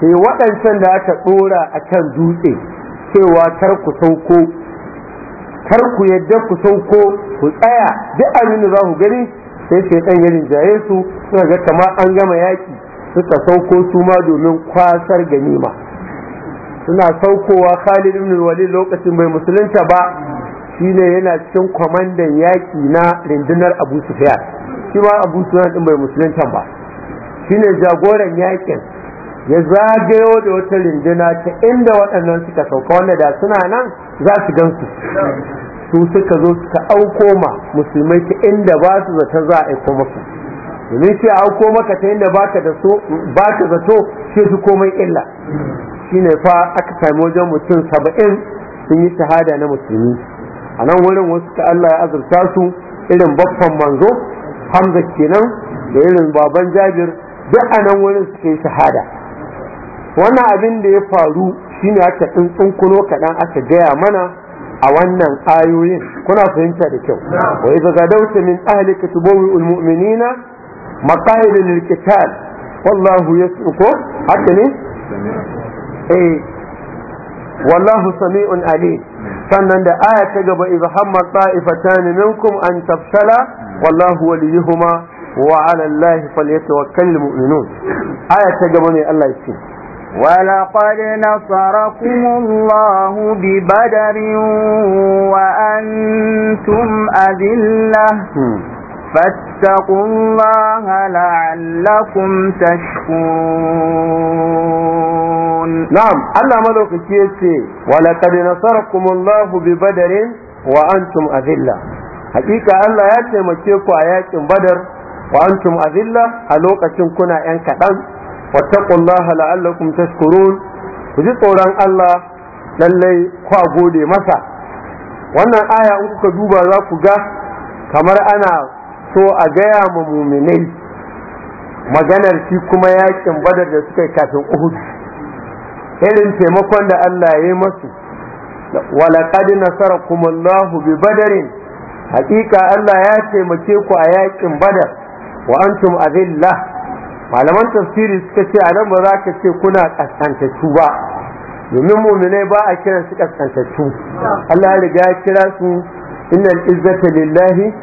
sai waɗancan da aka ɗora a kan dutse cewa tarku ku sauko tarku ku yadda ku sauko ku tsaya duk abin da za ku gani sai dan ya rinjaye su suka ga kama an gama yaki suka sauko su ma domin kwasar ganima suna saukowa Khalid ibn Walid lokacin bai musulunta ba shine yana cikin kwamandan yaki na rundunar Abu Sufyan shi ma Abu Sufyan din bai musulunta ba shine jagoran yakin ya zagayo da wata rinjina ta inda waɗannan suka sauka wanda da suna nan za su gansu su suka zo suka auko ma musulmai ta inda ba su zata za a aiko musu domin sai auko maka ta inda ba ka zato sai su komai illa shine fa aka sami wajen mutum saba'in sun yi shahada na musulmi a nan wurin wasu ka Allah ya azurta su irin babban manzo hamza kenan da irin baban jabir duk a nan wurin suke shahada wannan abin da ya faru shine aka tsuntsunkuno kaɗan aka gaya mana a wannan ayoyin kuna fahimta da kyau wa ga gadawta min ahli tubawi almu'minina maqahid lilqital wallahu yasuko haka ne eh wallahu sami'un Ali. sannan da aya ta gaba idza hamma ta'ifatan minkum an tafsala wallahu waliyuhuma wa 'ala allahi falyatawakkalul mu'minun aya ta gaba ne Allah ya ce ولقد نصركم الله ببدر وأنتم أذلة فاتقوا الله لعلكم تشكرون نعم الله ملوك كيتي ولقد نصركم الله ببدر وأنتم أذلة حقيقة الله يتمكيكم آيات بدر وأنتم أذلة ألوكة كنا أنكتن Allah la'allakum tashkurun ku ji tsoron Allah lallai ku gode masa wannan aya in kuka duba za ku ga kamar ana so a gaya ma muminai maganar shi kuma yakin badar da suka kafin uhud irin taimakon da Allah ya yi masu walaƙad nasarakum Allahu bi badarin hakika Allah ya taimake ku a yakin badar wa antum azillah malaman tafsiri suka ce a nan ba za ka ce kuna kaskantattu ba domin muminai ba a kiran su kaskantattu Allah riga ya kira su innal izzata lillahi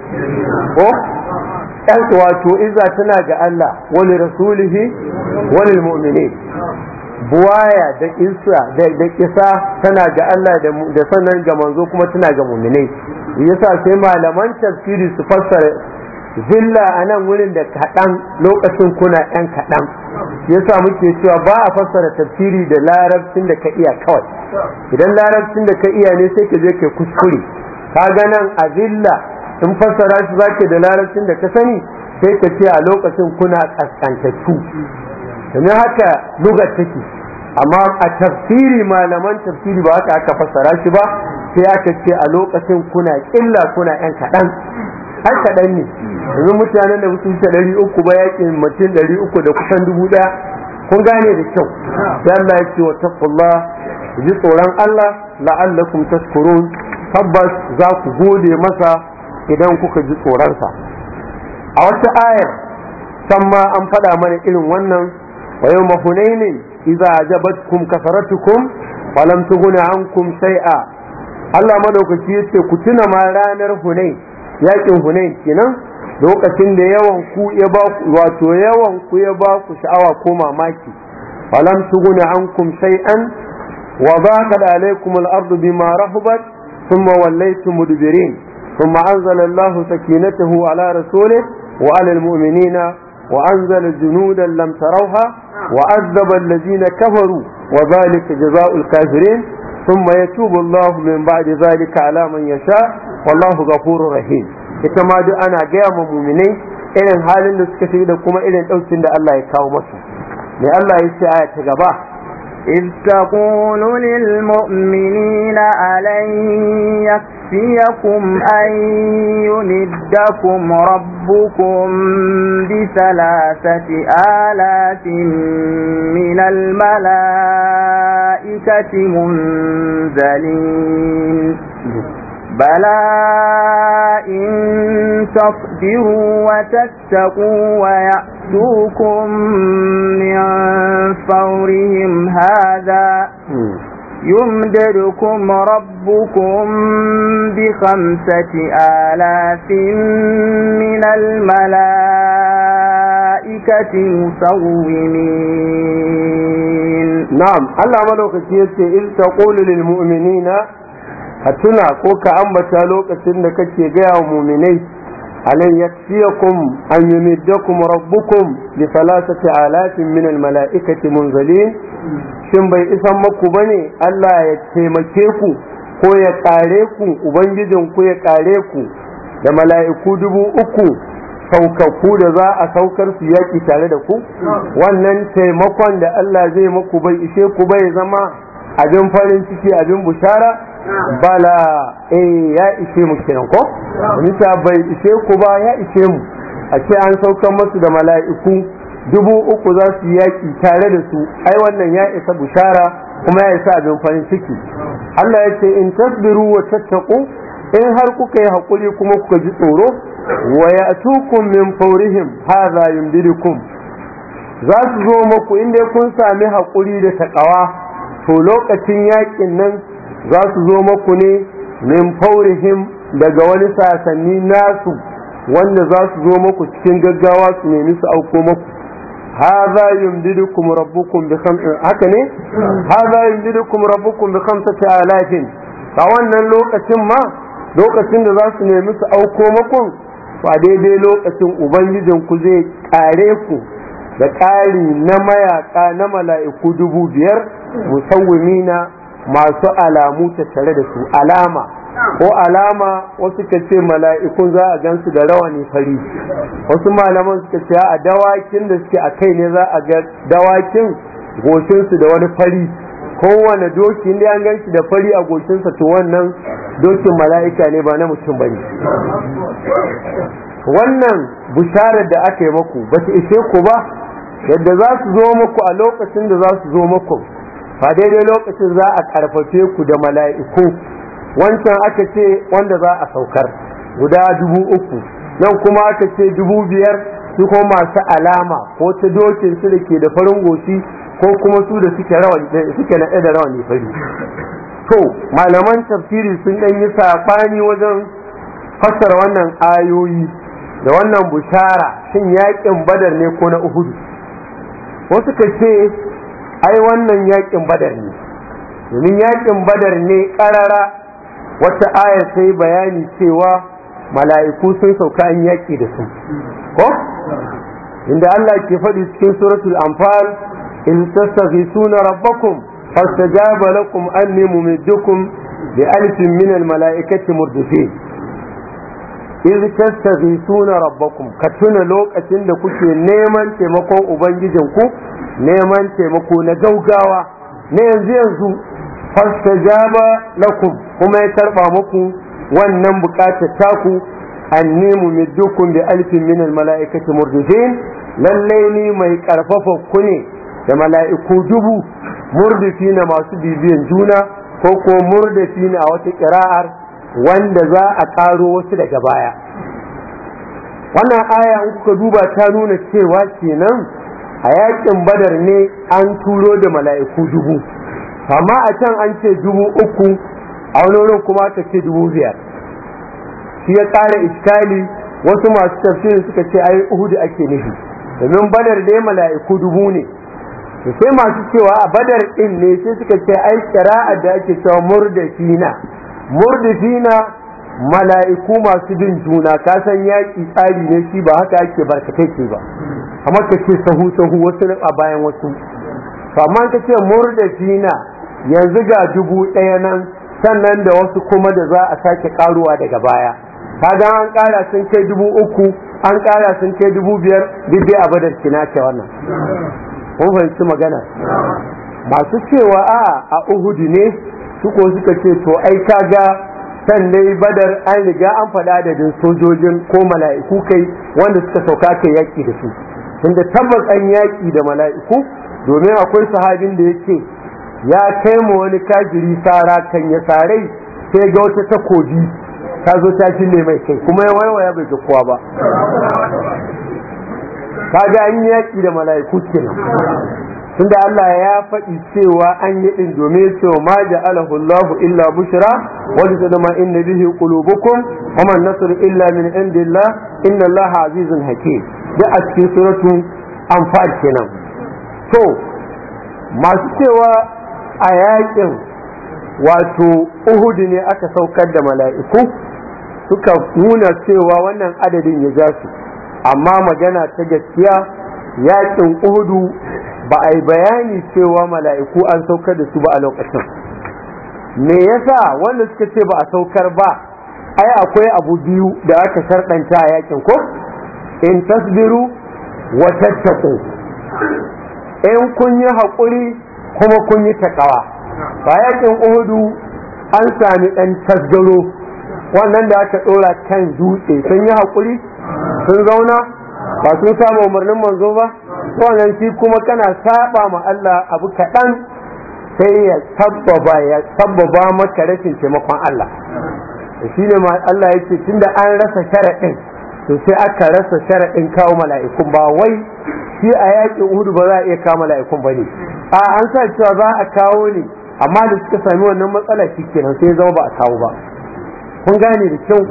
ko wato izza tana ga Allah wani rasulihi wani mu'minin buwaya da isa da kisa tana ga Allah da sannan ga manzo kuma tana ga muminai yasa sai malaman tafsiri su fassara zilla a nan wurin da kaɗan lokacin kuna ‘yan kaɗan ya sa muke cewa ba a fassara tafsiri da larabcin da ka iya kawai idan larabcin da ka iya ne sai ka je ka kuskure ka ga nan a zilla in fassara shi zaka da larabcin da ka sani sai ka ce a lokacin kuna kaskantattu domin haka lugar take amma a tafsiri malaman tafsiri ba haka aka fassara shi ba sai aka ce a lokacin kuna ƙilla kuna ‘yan kaɗan har kaɗan ne yanzu mutanen da mutum ta ɗari uku ba yakin mutum ɗari uku da kusan dubu ɗaya kun gane da kyau sai Allah ya ce wa taqullah ji tsoron Allah la'allakum tashkurun tabbas za ku gode masa idan kuka ji sa. a wata ayar san ma an faɗa mana irin wannan wa yau hunaini idza ajabatkum kasaratukum wa lam tughna ankum shay'a Allah madaukaki yace ku tuna ma ranar hunain yakin hunain kenan lokacin da yawan ku ya ba ku wato yawan ku ya ba ku sha'awa ko mamaki falam tuguna ankum shay'an wa baqad alaykum al-ardu bima rahabat thumma wallaytum mudbirin thumma anzala Allahu sakinatahu ala rasulih wa ala al-mu'minina wa anzala junudan lam tarawha wa azzaba alladhina kafaru wa dhalika jazaa'ul kafirin thumma yatubu tuballahu min ba'di dhalika ala man yasha' wallahu ghafurur rahim ita ma duk ana gaya ma muminai irin halin da suka shiga da kuma irin ɗaukin da Allah ya kawo masu Me Allah ya ce aya ta gaba إذ تقول للمؤمنين ألن يكفيكم أن يمدكم ربكم بثلاثة آلاف من الملائكة منزلين بلى إن تصبروا وتتقوا ويأتوكم من فورهم هذا يمددكم ربكم بخمسة آلاف من الملائكة مسومين نعم الله ملوك سيئة إذ تقول للمؤمنين A tuna ko ka ambata lokacin da kake gaya wa muminai fiye kun, an yumiddakum rabbukum bi salasati alatin min al mala'ikati munzalin shin bai isan maku bane Allah ya taimake ku ko ya kare ku ubangijin ku ya kare ku da mala'iku dubu uku saukakku da za a saukar su yaki tare da ku wannan taimakon da Allah zai maku bai ishe ku bai zama abin farin ciki abin bushara bala eh ya ishe mu kenan ko ta bai ishe ku ba ya ishe mu a ce an saukan musu da mala'iku dubu uku za su yaƙi tare da su ai wannan ya isa bushara kuma ya isa abin farin ciki Allah ya ce in tasbiru wa tattaqu in har kuka yi haƙuri kuma kuka ji tsoro wa ya'tukum min fawrihim hadha yumdidukum za su zo maku inda kun sami haƙuri da taƙawa, to lokacin yaƙin nan za su zo maku ne min faurihim daga wani sasanni nasu wanda za su zo maku cikin gaggawa su nemi su auko maku haza yumdidukum rabbukum bi khamsin haka ne haza yumdidukum rabbukum bi khamsati alafin a wannan lokacin ma lokacin da za su nemi su auko maku ba daidai lokacin ubangijin ku zai kare ku da ƙari na mayaka na mala'iku dubu biyar musawwimina masu alamu tattare da su alama ko alama wasu ka ce mala'ikun za a gan su da rawani fari wasu malaman suka ce a dawakin da suke a kai ne za a ga dawakin goshinsu da wani fari kowane doki inda an ganshi da fari a goshinsa to wannan dokin mala'ika ne ba na mutum ba ne wannan bisharar da aka yi maku ba ta ishe ku ba yadda za su zo maku a lokacin da za su zo maku fa daidai lokacin za a karfafe ku da mala'iku wancan aka ce wanda za a saukar guda dubu uku nan kuma aka ce dubu biyar su kuma masu alama ko ta dokin su da ke da farin goshi ko kuma su da suke na da rawan ne fari to malaman tafsiri sun ɗan yi sabani wajen fassara wannan ayoyi da wannan bushara shin yaƙin badar ne ko na uhudu wasu ka ce ai wannan yakin badar ne domin yakin badar ne karara wata aya sai bayani cewa mala'iku sun sauka an yaki da su ko inda Allah ke faɗi cikin suratul anfal in tastaghisuna rabbakum fastajaba lakum anni mumiddukum bi alfin min al mala'ikati murdifin zai suna rabbakum ka tuna lokacin da kuke neman taimakon ubangijinku neman taimako na gaugawa na yanzu yanzu fastajaba lakum kuma ya tarba muku wannan bukatar taku anni mumiddukum bi alfin min al mala'ikati murdifin lalle ni mai karfafa ku ne da mala'iku dubu na masu bibiyan juna ko ko murdifina a wata ƙira'ar. wanda za a ƙaro wasu daga baya wannan aya in kuka duba ta nuna cewa kenan a yakin badar ne an turo da mala'iku dubu amma a can an ce dubu uku a wani wurin kuma ta ce dubu biyar shi ya ƙara iskali wasu masu tafsirin suka ce ai uhudu ake nufi domin badar dai mala'iku dubu ne sai masu cewa a badar ɗin ne sai suka ce ai kira'a da ake cewa na murdifina mala'iku masu bin juna ka san yaƙi tsari ne shi ba haka ake barkatai ke ba amma ka ce sahu sahu wasu a bayan wasu amma ka ce murdifina yanzu ga dubu ɗaya nan sannan da wasu kuma da za a sake ƙaruwa daga baya kaga an ƙara sun kai dubu uku an ƙara sun kai dubu biyar duk a badar kinace wannan kun fahimci magana masu cewa a a uhudu ne su ko suka ce to ai kaga san dai badar an riga an faɗa din sojojin ko mala'iku kai wanda suka sauka kai yaki da su tunda tabbas an yaƙi da mala'iku domin akwai sahabin da yake ya kai mu wani kajiri sara kan ya sarai sai ga wata takobi ta zo ta ne mai kai kuma ya waiwaya bai ga kowa ba kaga an yaƙi da mala'iku kenan tunda Allah ya faɗi cewa an yi din domin cewa ma ja'alahu Allahu illa bushra wa tudma inna bihi qulubukum wa man nasr illa min indillah inna Allah azizun hakim da a cikin suratu anfal kenan to masu cewa a yakin wato Uhud ne aka saukar da mala'iku suka nuna cewa wannan adadin ya za su amma magana ta gaskiya yakin Uhudu ba a yi bayani cewa mala'iku an saukar da su ba a lokacin me yasa wanda suka ce ba a saukar ba ai akwai abu biyu da aka sharɗanta a yakin ko in tasbiru wa tattaqu in kun yi haƙuri kuma kun yi takawa ba yakin uhudu an sami ɗan tasgaro wannan da aka ɗora kan dutse sun yi haƙuri sun zauna ba sun samu umarnin manzo ba wannan shi kuma kana saba ma Allah abu kaɗan sai ya sabbaba ya sabbaba maka rashin taimakon Allah shi ne Allah ya tunda an rasa sharaɗin to sai aka rasa sharaɗin kawo mala'ikun ba wai shi a yaƙin uhudu ba za a iya kawo mala'ikun ba ne a an sa cewa za a kawo ne amma da suka sami wannan matsala shi kenan sai zama ba a kawo ba kun gane da kyau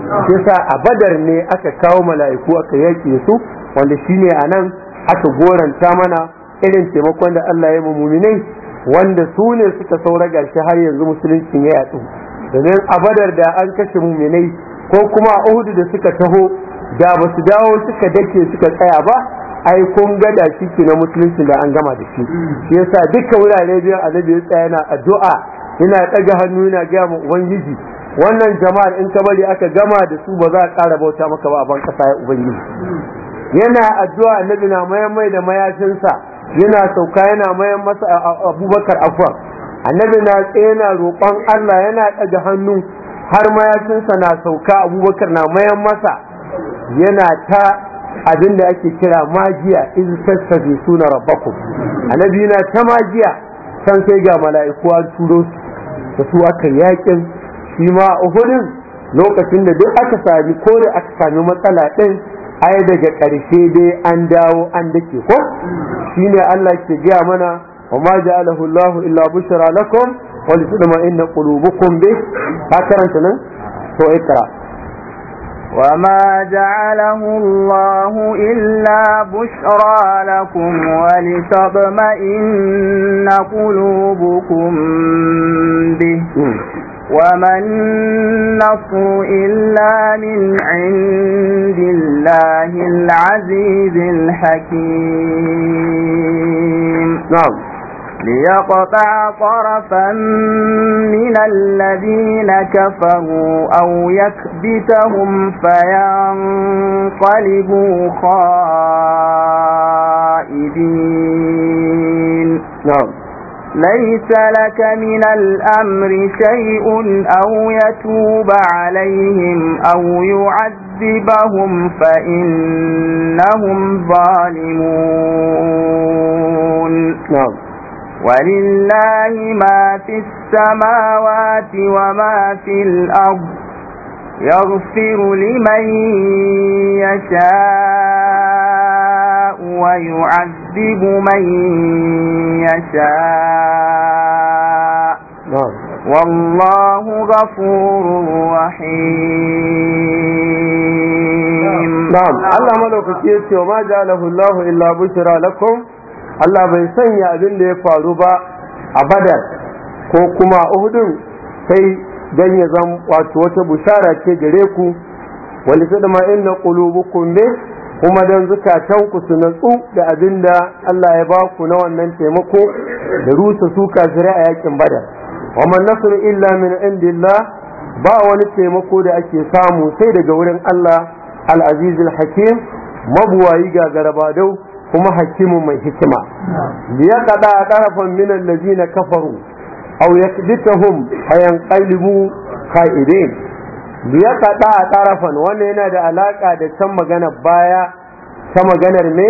sa a badar ne aka kawo mala'iku aka yaƙe su wanda shine a nan aka goranta mana irin taimakon da Allah ya muminai wanda su ne suka saura gashi har yanzu musulunci ya yatsu domin a badar da an kashe muminai ko kuma a uhudu da suka taho da ba su dawo suka dake suka tsaya ba ai kun gada shi ke na musulunci da an gama da shi shi yasa dukkan wurare biyan annabi ya tsaya na addu'a yana ɗaga hannu yana gaya ma ubangiji wannan jama'ar in ka bari aka gama da su ba za a ƙara bauta maka ba a ban ƙasa ya ubangiji yana addu'a annabi na mayan mai da mayafinsa yana sauka yana mayan masa abubakar afwan annabi na tsena, roƙon Allah yana ɗaga hannu har mayafinsa na sauka abubakar na mayan masa yana ta abin da ake kira magiya in tattafi suna rabbakum annabi yana ta magiya san sai ga mala'iku an turo da su aka yakin shi ma uhudin lokacin da duk aka sami ko da aka sami matsala ɗin. ai daga ƙarshe dai an dawo an dake ko shine Allah ke gaya mana wa ma ja'alahu Allah illa bushra lakum wa inna qulubukum bi ka karanta nan to ikra وما جعله الله إلا بشرى لكم inna قلوبكم bi وما النصر إلا من عند الله العزيز الحكيم نعم ليقطع طرفا من الذين كفروا أو يكبتهم فينقلبوا خائبين نعم ليس لك من الأمر شيء أو يتوب عليهم أو يعذبهم فإنهم ظالمون نعم ولله ما في السماوات وما في الأرض يغفر لمن يشاء ويعذب من يشاء والله غفور رحيم نعم الله ملوك كيسي وما جعله الله إلا بشرى لكم الله بيسن يأذن لي فاروبا أبدا كوكما أهدن sai dan ya zan wato wata bushara ce gare ku wal sadma inna qulubukum bih kuma don zukatanku su natsu da abinda Allah ya ba ku na wannan taimako da rusa su kafirai a yakin badar amma nasr illa min indillah ba wani taimako da ake samu sai daga wurin Allah al-aziz al-hakim mabuwayi ga dau kuma hakimu mai hikima ya kada tarafan min allazina kafaru aw yakdithum fayanqalibu ka'idin biya kaɗa a tarafan wannan yana da alaƙa da can maganar baya ta maganar me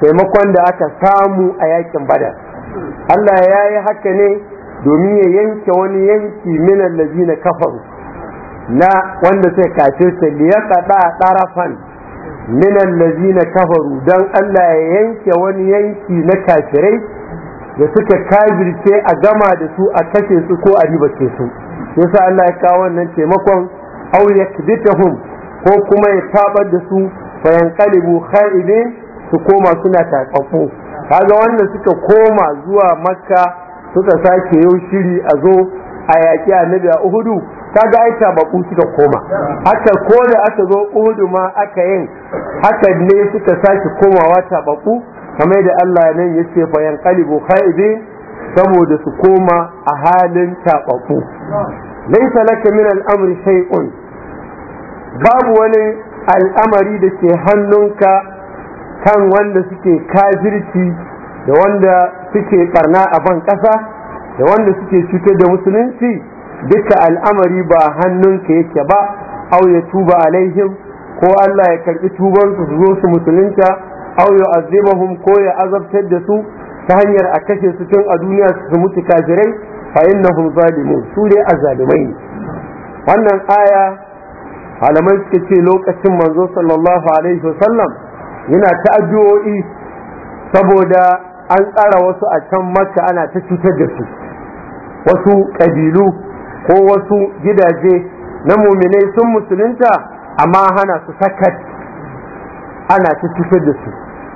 taimakon da aka samu a yakin badar Allah ya yi haka ne domin ya yanke wani yanki minan na kafaru na wanda sai kafirta liya kaɗa a tarafan minan na kafaru don Allah ya yanke wani yanki na kafirai da suka kajirce a gama da su a kashe su ko a ribace su yasa Allah ya kawo wannan taimakon aw yakbitahum ko kuma ya tabar da su bayan kalibu khaibin su koma suna takaffu kaga wanda suka koma zuwa makka suka sake yau shiri a zo a yaƙi annabi a uhudu kaga ai tabaku suka koma haka ko da aka zo uhudu ma aka yin haka ne suka sake komawa tabaku kamar da Allah nan ya ce bayan kalibu khaibin saboda su koma a halin tabaku laisa laka min amri shay'un babu wani al'amari da ke hannunka kan wanda suke kafirci da wanda suke barna a ban ƙasa da wanda suke cutar da musulunci duka al'amari ba hannunka yake ba au ya tuba alaihim ko Allah ya karbi tubansu su zo su musulunta au ya azimahum ko ya azabtar da su ta hanyar a kashe su tun a duniya su mutu kajirai. fa innahum zalimun su dai azalimai wannan aya malamai suka ce lokacin manzo sallallahu alaihi wasallam yana ta addu'o'i saboda an tsara wasu a can makka ana ta cutar da su wasu ƙabilu ko wasu gidaje na muminai sun musulunta amma hana su sakat ana ta cutar da su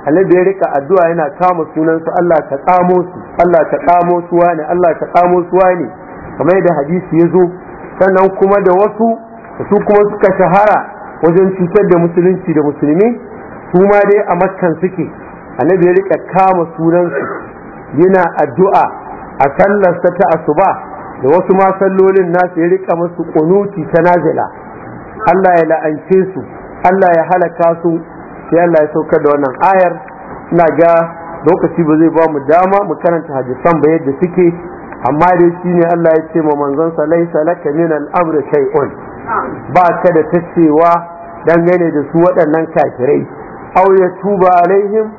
annabi ya rika addu'a yana kama sunansu Allah ka tsamo su Allah ka tsamo su wani Allah ka tsamo su wani kamar da hadisi ya zo sannan kuma da wasu su kuma suka shahara wajen cutar da musulunci da musulmi su ma dai a makkan suke annabi ya rika kama sunansu yana addu'a a sallarsa ta asuba da wasu ma sallolin nasu ya rika masu kunuti ta nazila Allah ya la'ance su Allah ya halaka su sai Allah ya saukar da wannan ayar ina ga lokaci ba zai ba mu dama mu karanta hadisan ba yadda suke amma dai shine Allah ya ce ma manzon sa laisa laka min al-amri shay'un ba ka da ta cewa dangane da su waɗannan kafirai au ya tuba alaihim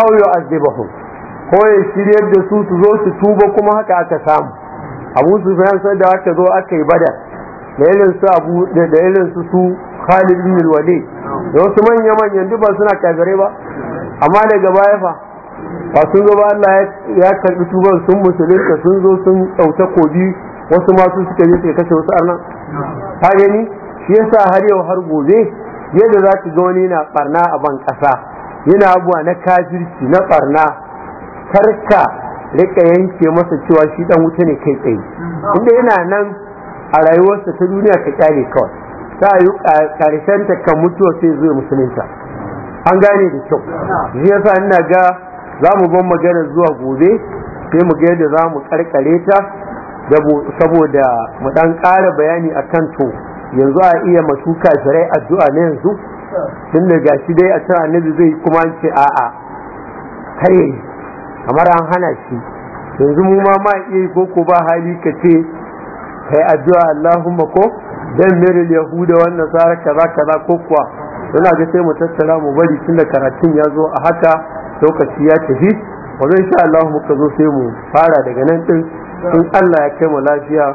au ya azibahum ko ya shiryar da su su zo su tuba kuma haka aka samu abu su sai da aka zo aka yi badar da irin su abu da irin su su Khalid bin Walid da wasu manya manyan duk ba suna kafirai ba amma daga baya fa ba sun zo ba Allah ya karbi tuban sun musulunta sun zo sun ɗauta kobi wasu masu suka je suka kashe wasu arnan Hagani, ni shi yasa har yau har gobe yadda za ki ga wani yana barna a ban ƙasa. yana abuwa na kafirci na barna karka rika yanke masa cewa shi dan wuta ne kai tsaye inda yana nan a rayuwarsa ta duniya ka kyale kawai ta yi karshen ta kan mutuwa sai zuwa musulunta an gane da kyau shi yasa ina ga za mu ban magana zuwa gobe sai mu ga yadda za mu karkare ta saboda mu dan ƙara bayani akan to yanzu a iya masu zarai addu'a na yanzu tun da gashi dai a can annabi zai kuma ce a'a kai kamar an hana shi yanzu mu ma ma iya ko ko ba hali ka ce kai addu'a Allahumma ko dan miril yahuda wannan sara kaza kaza ko kuwa yana ga sai mu tattara mu bari tun da karatun ya a haka lokaci ya tafi wa sha Allahumma ka zo sai mu fara daga nan din in Allah ya kai mu lafiya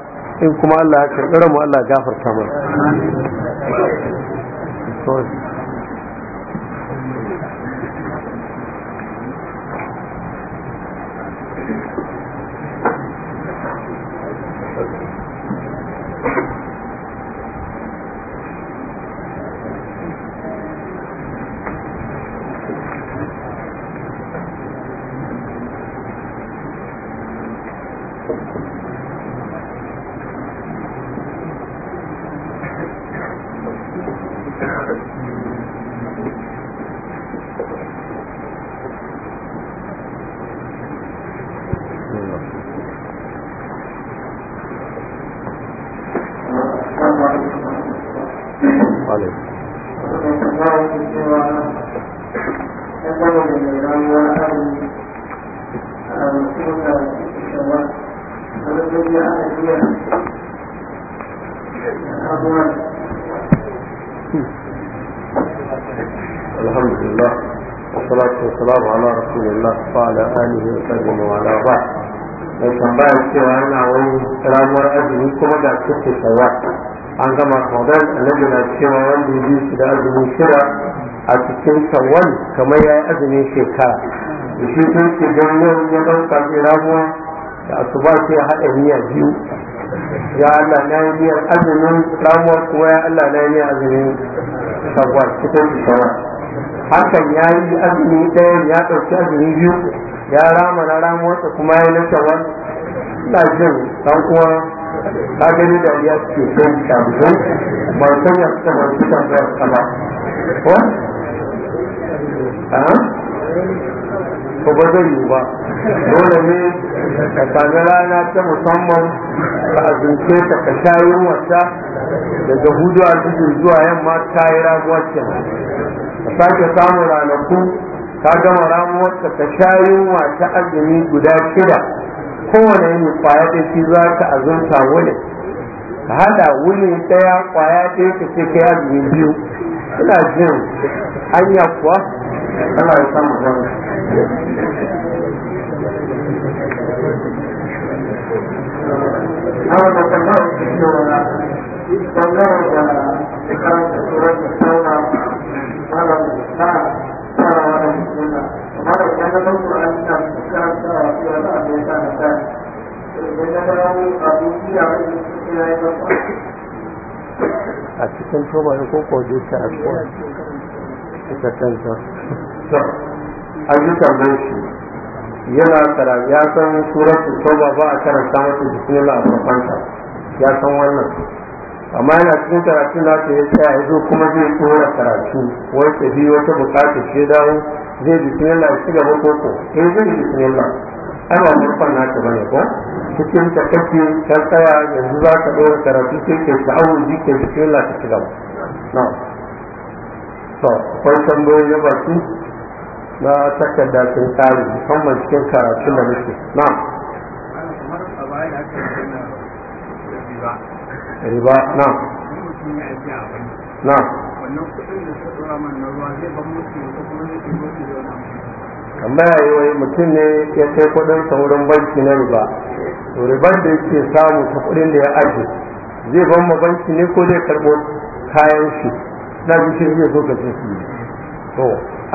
in kuma Allah ya karɓi mu Allah ya gafarta mana cikin shawwal kamar ya yi azumin shekara da shi sun ce don yau ya ɗauka sai ramuwa da asuba sai haɗa miya biyu ya Allah na yi niyyar azumin ramuwa kuma ya Allah na yi niyyar azumin shawwal cikin shawwal hakan ya yi azumi ɗaya ya ɗauki azumi biyu ya rama na ramuwarsa kuma ya na shawwal ina jin ɗan uwa gani da ya ce sai shabu ban sanya suka ban suka ba ko ko ba zai yiwu ba dole ne ka sami rana ta musamman ka azumce ta ka sha daga hudu a cikin zuwa yamma ta yi ramuwar ka sake samun ranaku ka gama ramuwar ka ka sha yunwa ta azumi guda shida kowane yin kwaya da shi za ka azunta wani ka hada wuni daya kwaya ɗaya ka ce ka yi azumi biyu ina jin hanya kuwa Allah ya samu zama Awon da tambayar su cewa da karanta turar da ta karanta wa a cikin tuba ita kanta to an yana kara ya san suratu tauba ba a karanta masa bismillah a farkonta ya san wannan amma yana cikin karatu na ta ya tsaya ya zo kuma zai tsora karatu wacce biyu wata bukata ce dawo zai bismillah ya ci gaba koko eh zai bismillah ai ba murfan naka bane ko cikin ta kake ta tsaya yanzu za ka ɗora karatu sai ke ta'awuzi ke yana ta ci gaba na'am to wani tambayoyi na baki na takarda sun tsari musamman cikin karatu da nake na riba na na tambaya yi wani mutum ne ya kai kudin wurin banki na riba riban da yake samu ta kudin da ya aji zai ban ma banki ne ko zai karbo kayan shi na ji iya so ce su to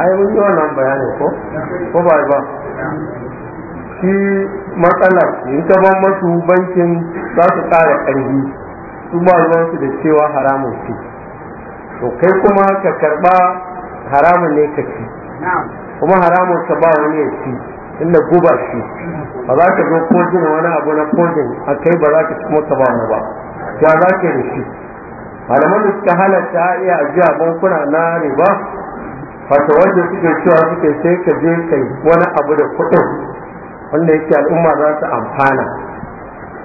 ai mun yi wannan bayani ko ko ba ba shi matsala in ta ban masu bankin za su ƙara ƙarfi su ba su da cewa haramun ce to kai kuma ka karɓa haramun ne ka ci kuma haramun ka ba wani ya ci inda guba shi ba za ka zo kojin wani abu na kojin a kai ba za ka ci ka ba mu ba ya za ka yi da shi malaman da suka halatta iya ajiya bankuna na riba fata wanda suke cewa suke sai ka je kai wani abu da kuɗin wanda yake al'umma za su amfana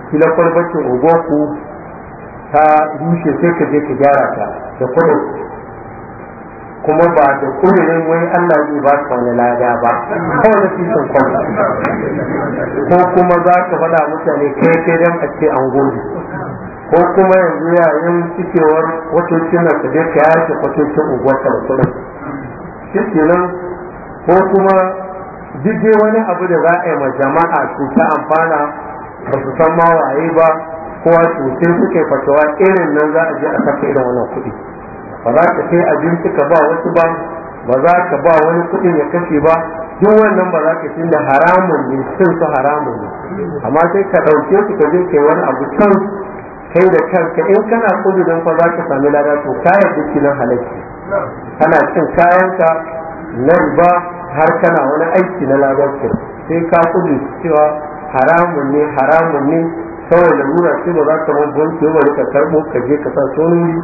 kila kwalbacin ugoku ta rushe sai ka je ka gyara ta da kuɗin kuma ba da kudin wai Allah zai ba su wani lada ba kawai na fitin kwanta ko kuma za ka faɗa mutane kai kai dan a ce an gode ko kuma yanzu yayin cikewar kwatocin na su je ka yake kwatocin da da shi kenan ko kuma duk wani abu da za a yi ma jama'a su ta amfana ba su san ma waye ba kowa sosai suke fatawa irin nan za a je a kafa irin wannan kuɗi ba za ka kai abinci ka ba wasu ba ba za ka ba wani kuɗin ya kashe ba duk wannan ba za ka cin da haramun ne sun su haramun ne amma sai ka ɗauke su ka je kai wani abu can kai da kanka in kana kudurin fa za ka sami lada to kayan dukkanin halarci kana cin kayanka nan ba har kana wani aiki na lalata, sai ka kudu cewa haramun ne haramun ne saboda da nuna ce ba za ka mun ba ka karbo ka je ka san sonuri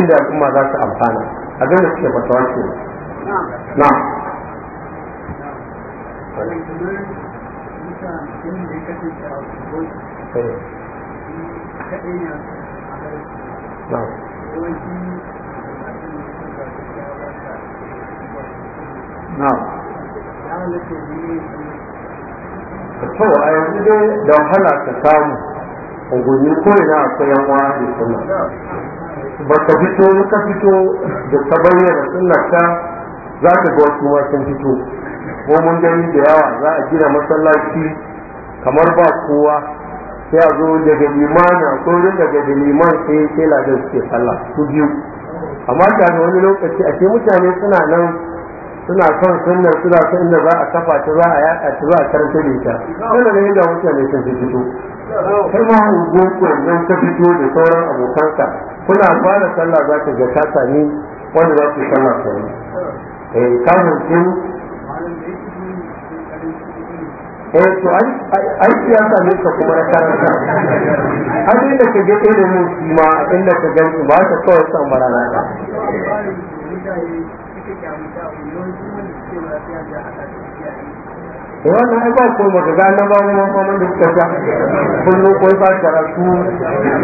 inda al'umma za su amfana abin da suke fatawa ce na Thank na'am to a yanzu dai da wahala ka samu unguni ko na akwai yan wa da suna ba ka fito ka fito da ka bayyana suna ta za ka ga wasu sun fito ko mun gani da yawa za a gina masallaci kamar ba kowa sai a zo daga limani a korin daga da liman sai sai ladan suke sallah su biyu amma da wani lokaci a ce mutane suna nan suna son sunnar suna son inda za a kafa ta za a yaɗa ta za a karanta da ita dole ne yadda mutane sun fi fito kai ma unguwarku yanzu ta fito da sauran abokanka kuna fara sallah za ka ga ka sami wanda za ku sallah sami. eh kafin eh to ai siyasa ne ka kuma na karanta har inda ka ga ilimin shi ma inda ka gan ba ka kawai san barana ba wannan ai ba ko na ba mu ma mun da suka ta kullu koi ba karatu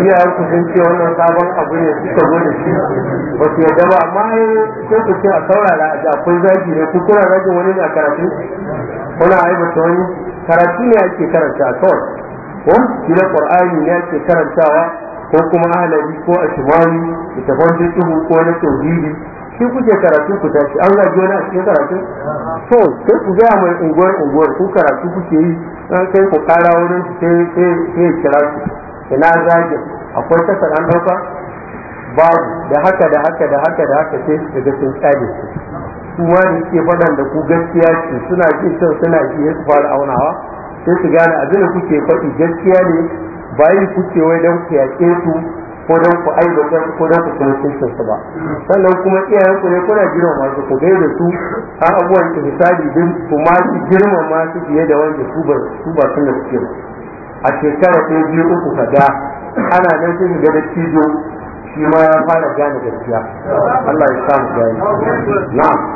iya ku sun ce wannan sabon abu suka zo da shi ba su yadda a saurara a akwai zagi ne ku kuna rage na karatu kuna karatu ne ake karanta kawai ko kila qur'ani ne ake karantawa ko kuma ahlabi ko da littafan fiqh ko na tauhidi shi kuke karatu ku tashi an gaji wani a cikin karatu to sai ku gaya mai unguwar unguwar ku karatu kuke yi sai ku kara wurin sai sai kira su ina zagin akwai kasar an ɗauka? babu da haka da haka da haka da haka sai daga sun tsare suwa da suke faɗan da ku gaskiya ce suna jin can suna ji su fara aunawa sai su gane abin da kuke faɗi gaskiya ne bayan kuke wai don ku yaƙe su ko don ku aibata ko don ku kuma su ba sannan kuma iyayen ku ne kuna girmama su ku gaida su har abubuwan ki misali din ku ma su girmama su fiye da wanda su ba su ba sun suke ba a shekara ta biyu uku kaga ana nan sai su ga da cijo shi ya fara gane gaskiya Allah ya samu gani na'am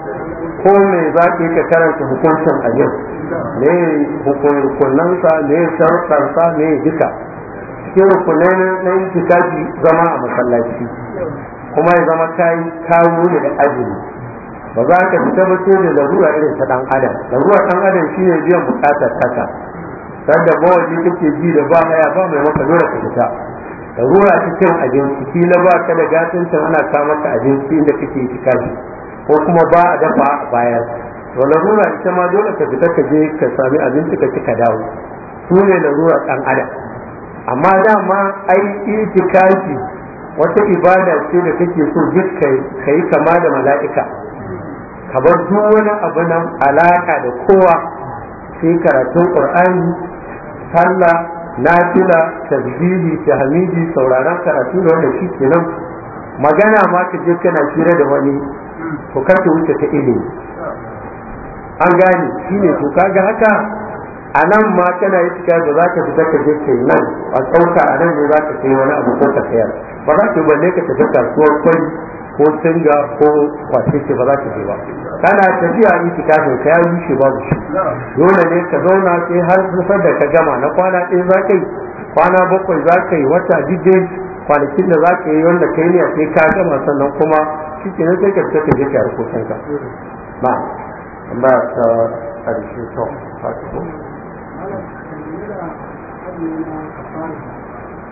ko me za ka ka karanta hukuncin a yau ne hukunansa ne sharuɗansa ne duka cikin rukunai na itikafi zama a masallaci kuma ya zama kayi kawo ne da azumi ba za ka fita ba sai da larura irin ta dan adam larura dan adam shine biyan bukatar taka sanda ba waje kake ji da ba haya ba mai maka dole ka fita larura cikin abinci kila ba ka da gatin ana kama maka abinci inda kake itikafi ko kuma ba a dafa a bayar to larura ita ma dole ka fita ka je ka sami abinci ka ci ka dawo su ne larura ɗan adam amma dama ai itikafi wata ibada ce da kake so duk ka yi kama da mala'ika ka bar duk wani abu nan alaka da kowa sai karatun qur'ani sallah nafila tasbihi tahmidi sauraron karatu da wanda shi kenan magana ma ka je kana hira da wani Ko kar wuce ta ilimi an gane shine to kaga haka a nan ma kana yi cika da za ka fita ka je ke nan a tsauka a nan ne za ka sai wani abu ko ka sayar ba za ka yi balle ka tafi kasuwar kwai ko singa ko kwace ce ba za ka je ba kana tafiya yi cika ne ka yi shi babu shi dole ne ka zauna sai har nufar da ka gama na kwana ɗaya za ka yi kwana bakwai za ka yi wata jijje kwanakin da za ka yi wanda kai ne a sai ka gama sannan kuma shi ke nan sai ka fita ka je ka harkokin ka ba ba ta karshe to fatiko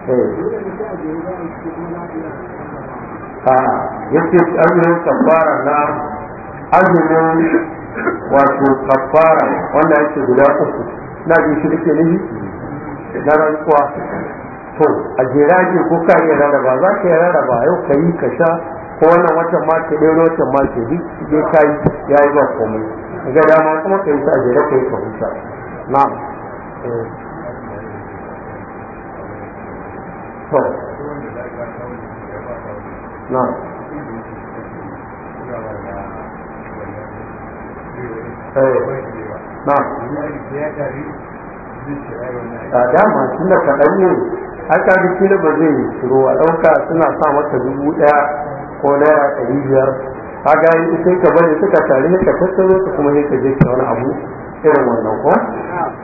eh. a ah, yake azumin kafara na azumin wato kafara wanda yake guda uku na jin shi ake nufi na rantsuwa to a jera ko ka yi rarraba za ka yi rarraba yau ka yi ka sha ko wannan watan ma ke ɗaya watan ma ke duk dai ka ya yi ba komai ga dama kuma ka yi sa jere ka yi ka huta na'am eh. to na'am eh. na'am a ah, dama tun da kaɗan ne aka bi kila ba zai yi a ɗauka suna sa maka dubu ɗaya ko naira ɗari biyar ka ga sai ka bari suka tare ka tattaro ka kuma sai ka je ka wani abu irin wannan ko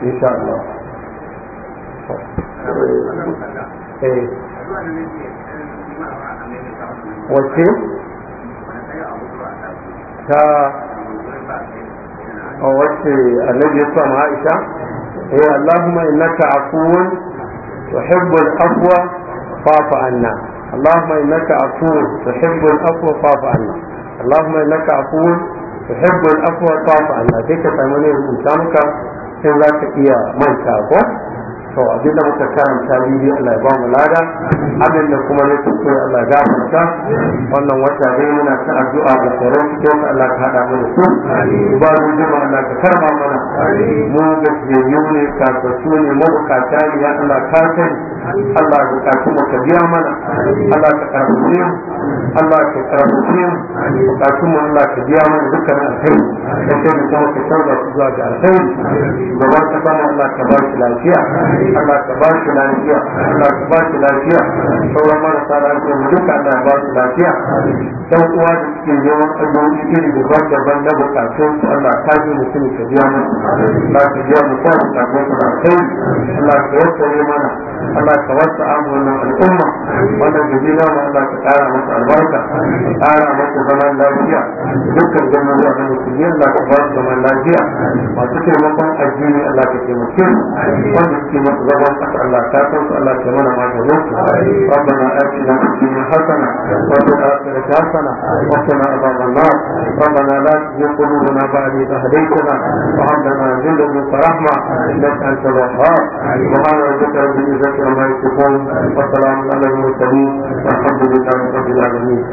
insha Allah eh. wace ta a wace annabi ya sa ma Aisha eh Allahumma innaka afuwun tuhibbul afwa fafa annan اللهم انك عفو تحب الأفو فاعف عنا اللهم انك عفو تحب الأفو فاعف عنا ديك تمني ان ذاك يا من كافو to abinda muka karanta bibi Allah ya ba mu lada abin da kuma ne tuko Allah ya gafarta wannan wata dai muna ta addu'a ga tsaron to Allah ka hada mu su ba mu jima Allah ka karma mana mu ga yayyu yuni ka ta su ne mu ka ta ya Allah ka Allah ka ka mu ka biya mana Allah ka karbi mu Allah ka karbi mu ka mu Allah ka biya mana dukkan alheri da kai mu ka sauka zuwa ga alheri gaban ka Allah ka ba shi lafiya Allah ka ba su lafiya Allah ka ba su lafiya sauran marasa lafiya duka na ya ba su lafiya dan uwa da suke neman abubuwan iri daban-daban na bukatun su Allah ka ji mutum ka biya musu Allah ka biya mutum ka bukatun su na kai Allah ka wasare mana Allah ka wasa amu wannan al'umma wannan gaji na mu Allah ka kara masa albarka kara masa zaman lafiya dukkan gwamnati da musulmi Allah ka ba su zaman lafiya masu taimakon addini Allah ka taimake su wanda suke زمن الله تاكل الله كمان ما جوك ربنا آتنا في الدنيا حسنة وفي الآخرة حسنة وقنا عذاب النار ربنا لا تزغ قلوبنا بعد إذ هديتنا وهب لنا من لدنك رحمة إنك أنت الوهاب سبحان ربك رب العزة عما يصفون وسلام على المرسلين والحمد لله رب العالمين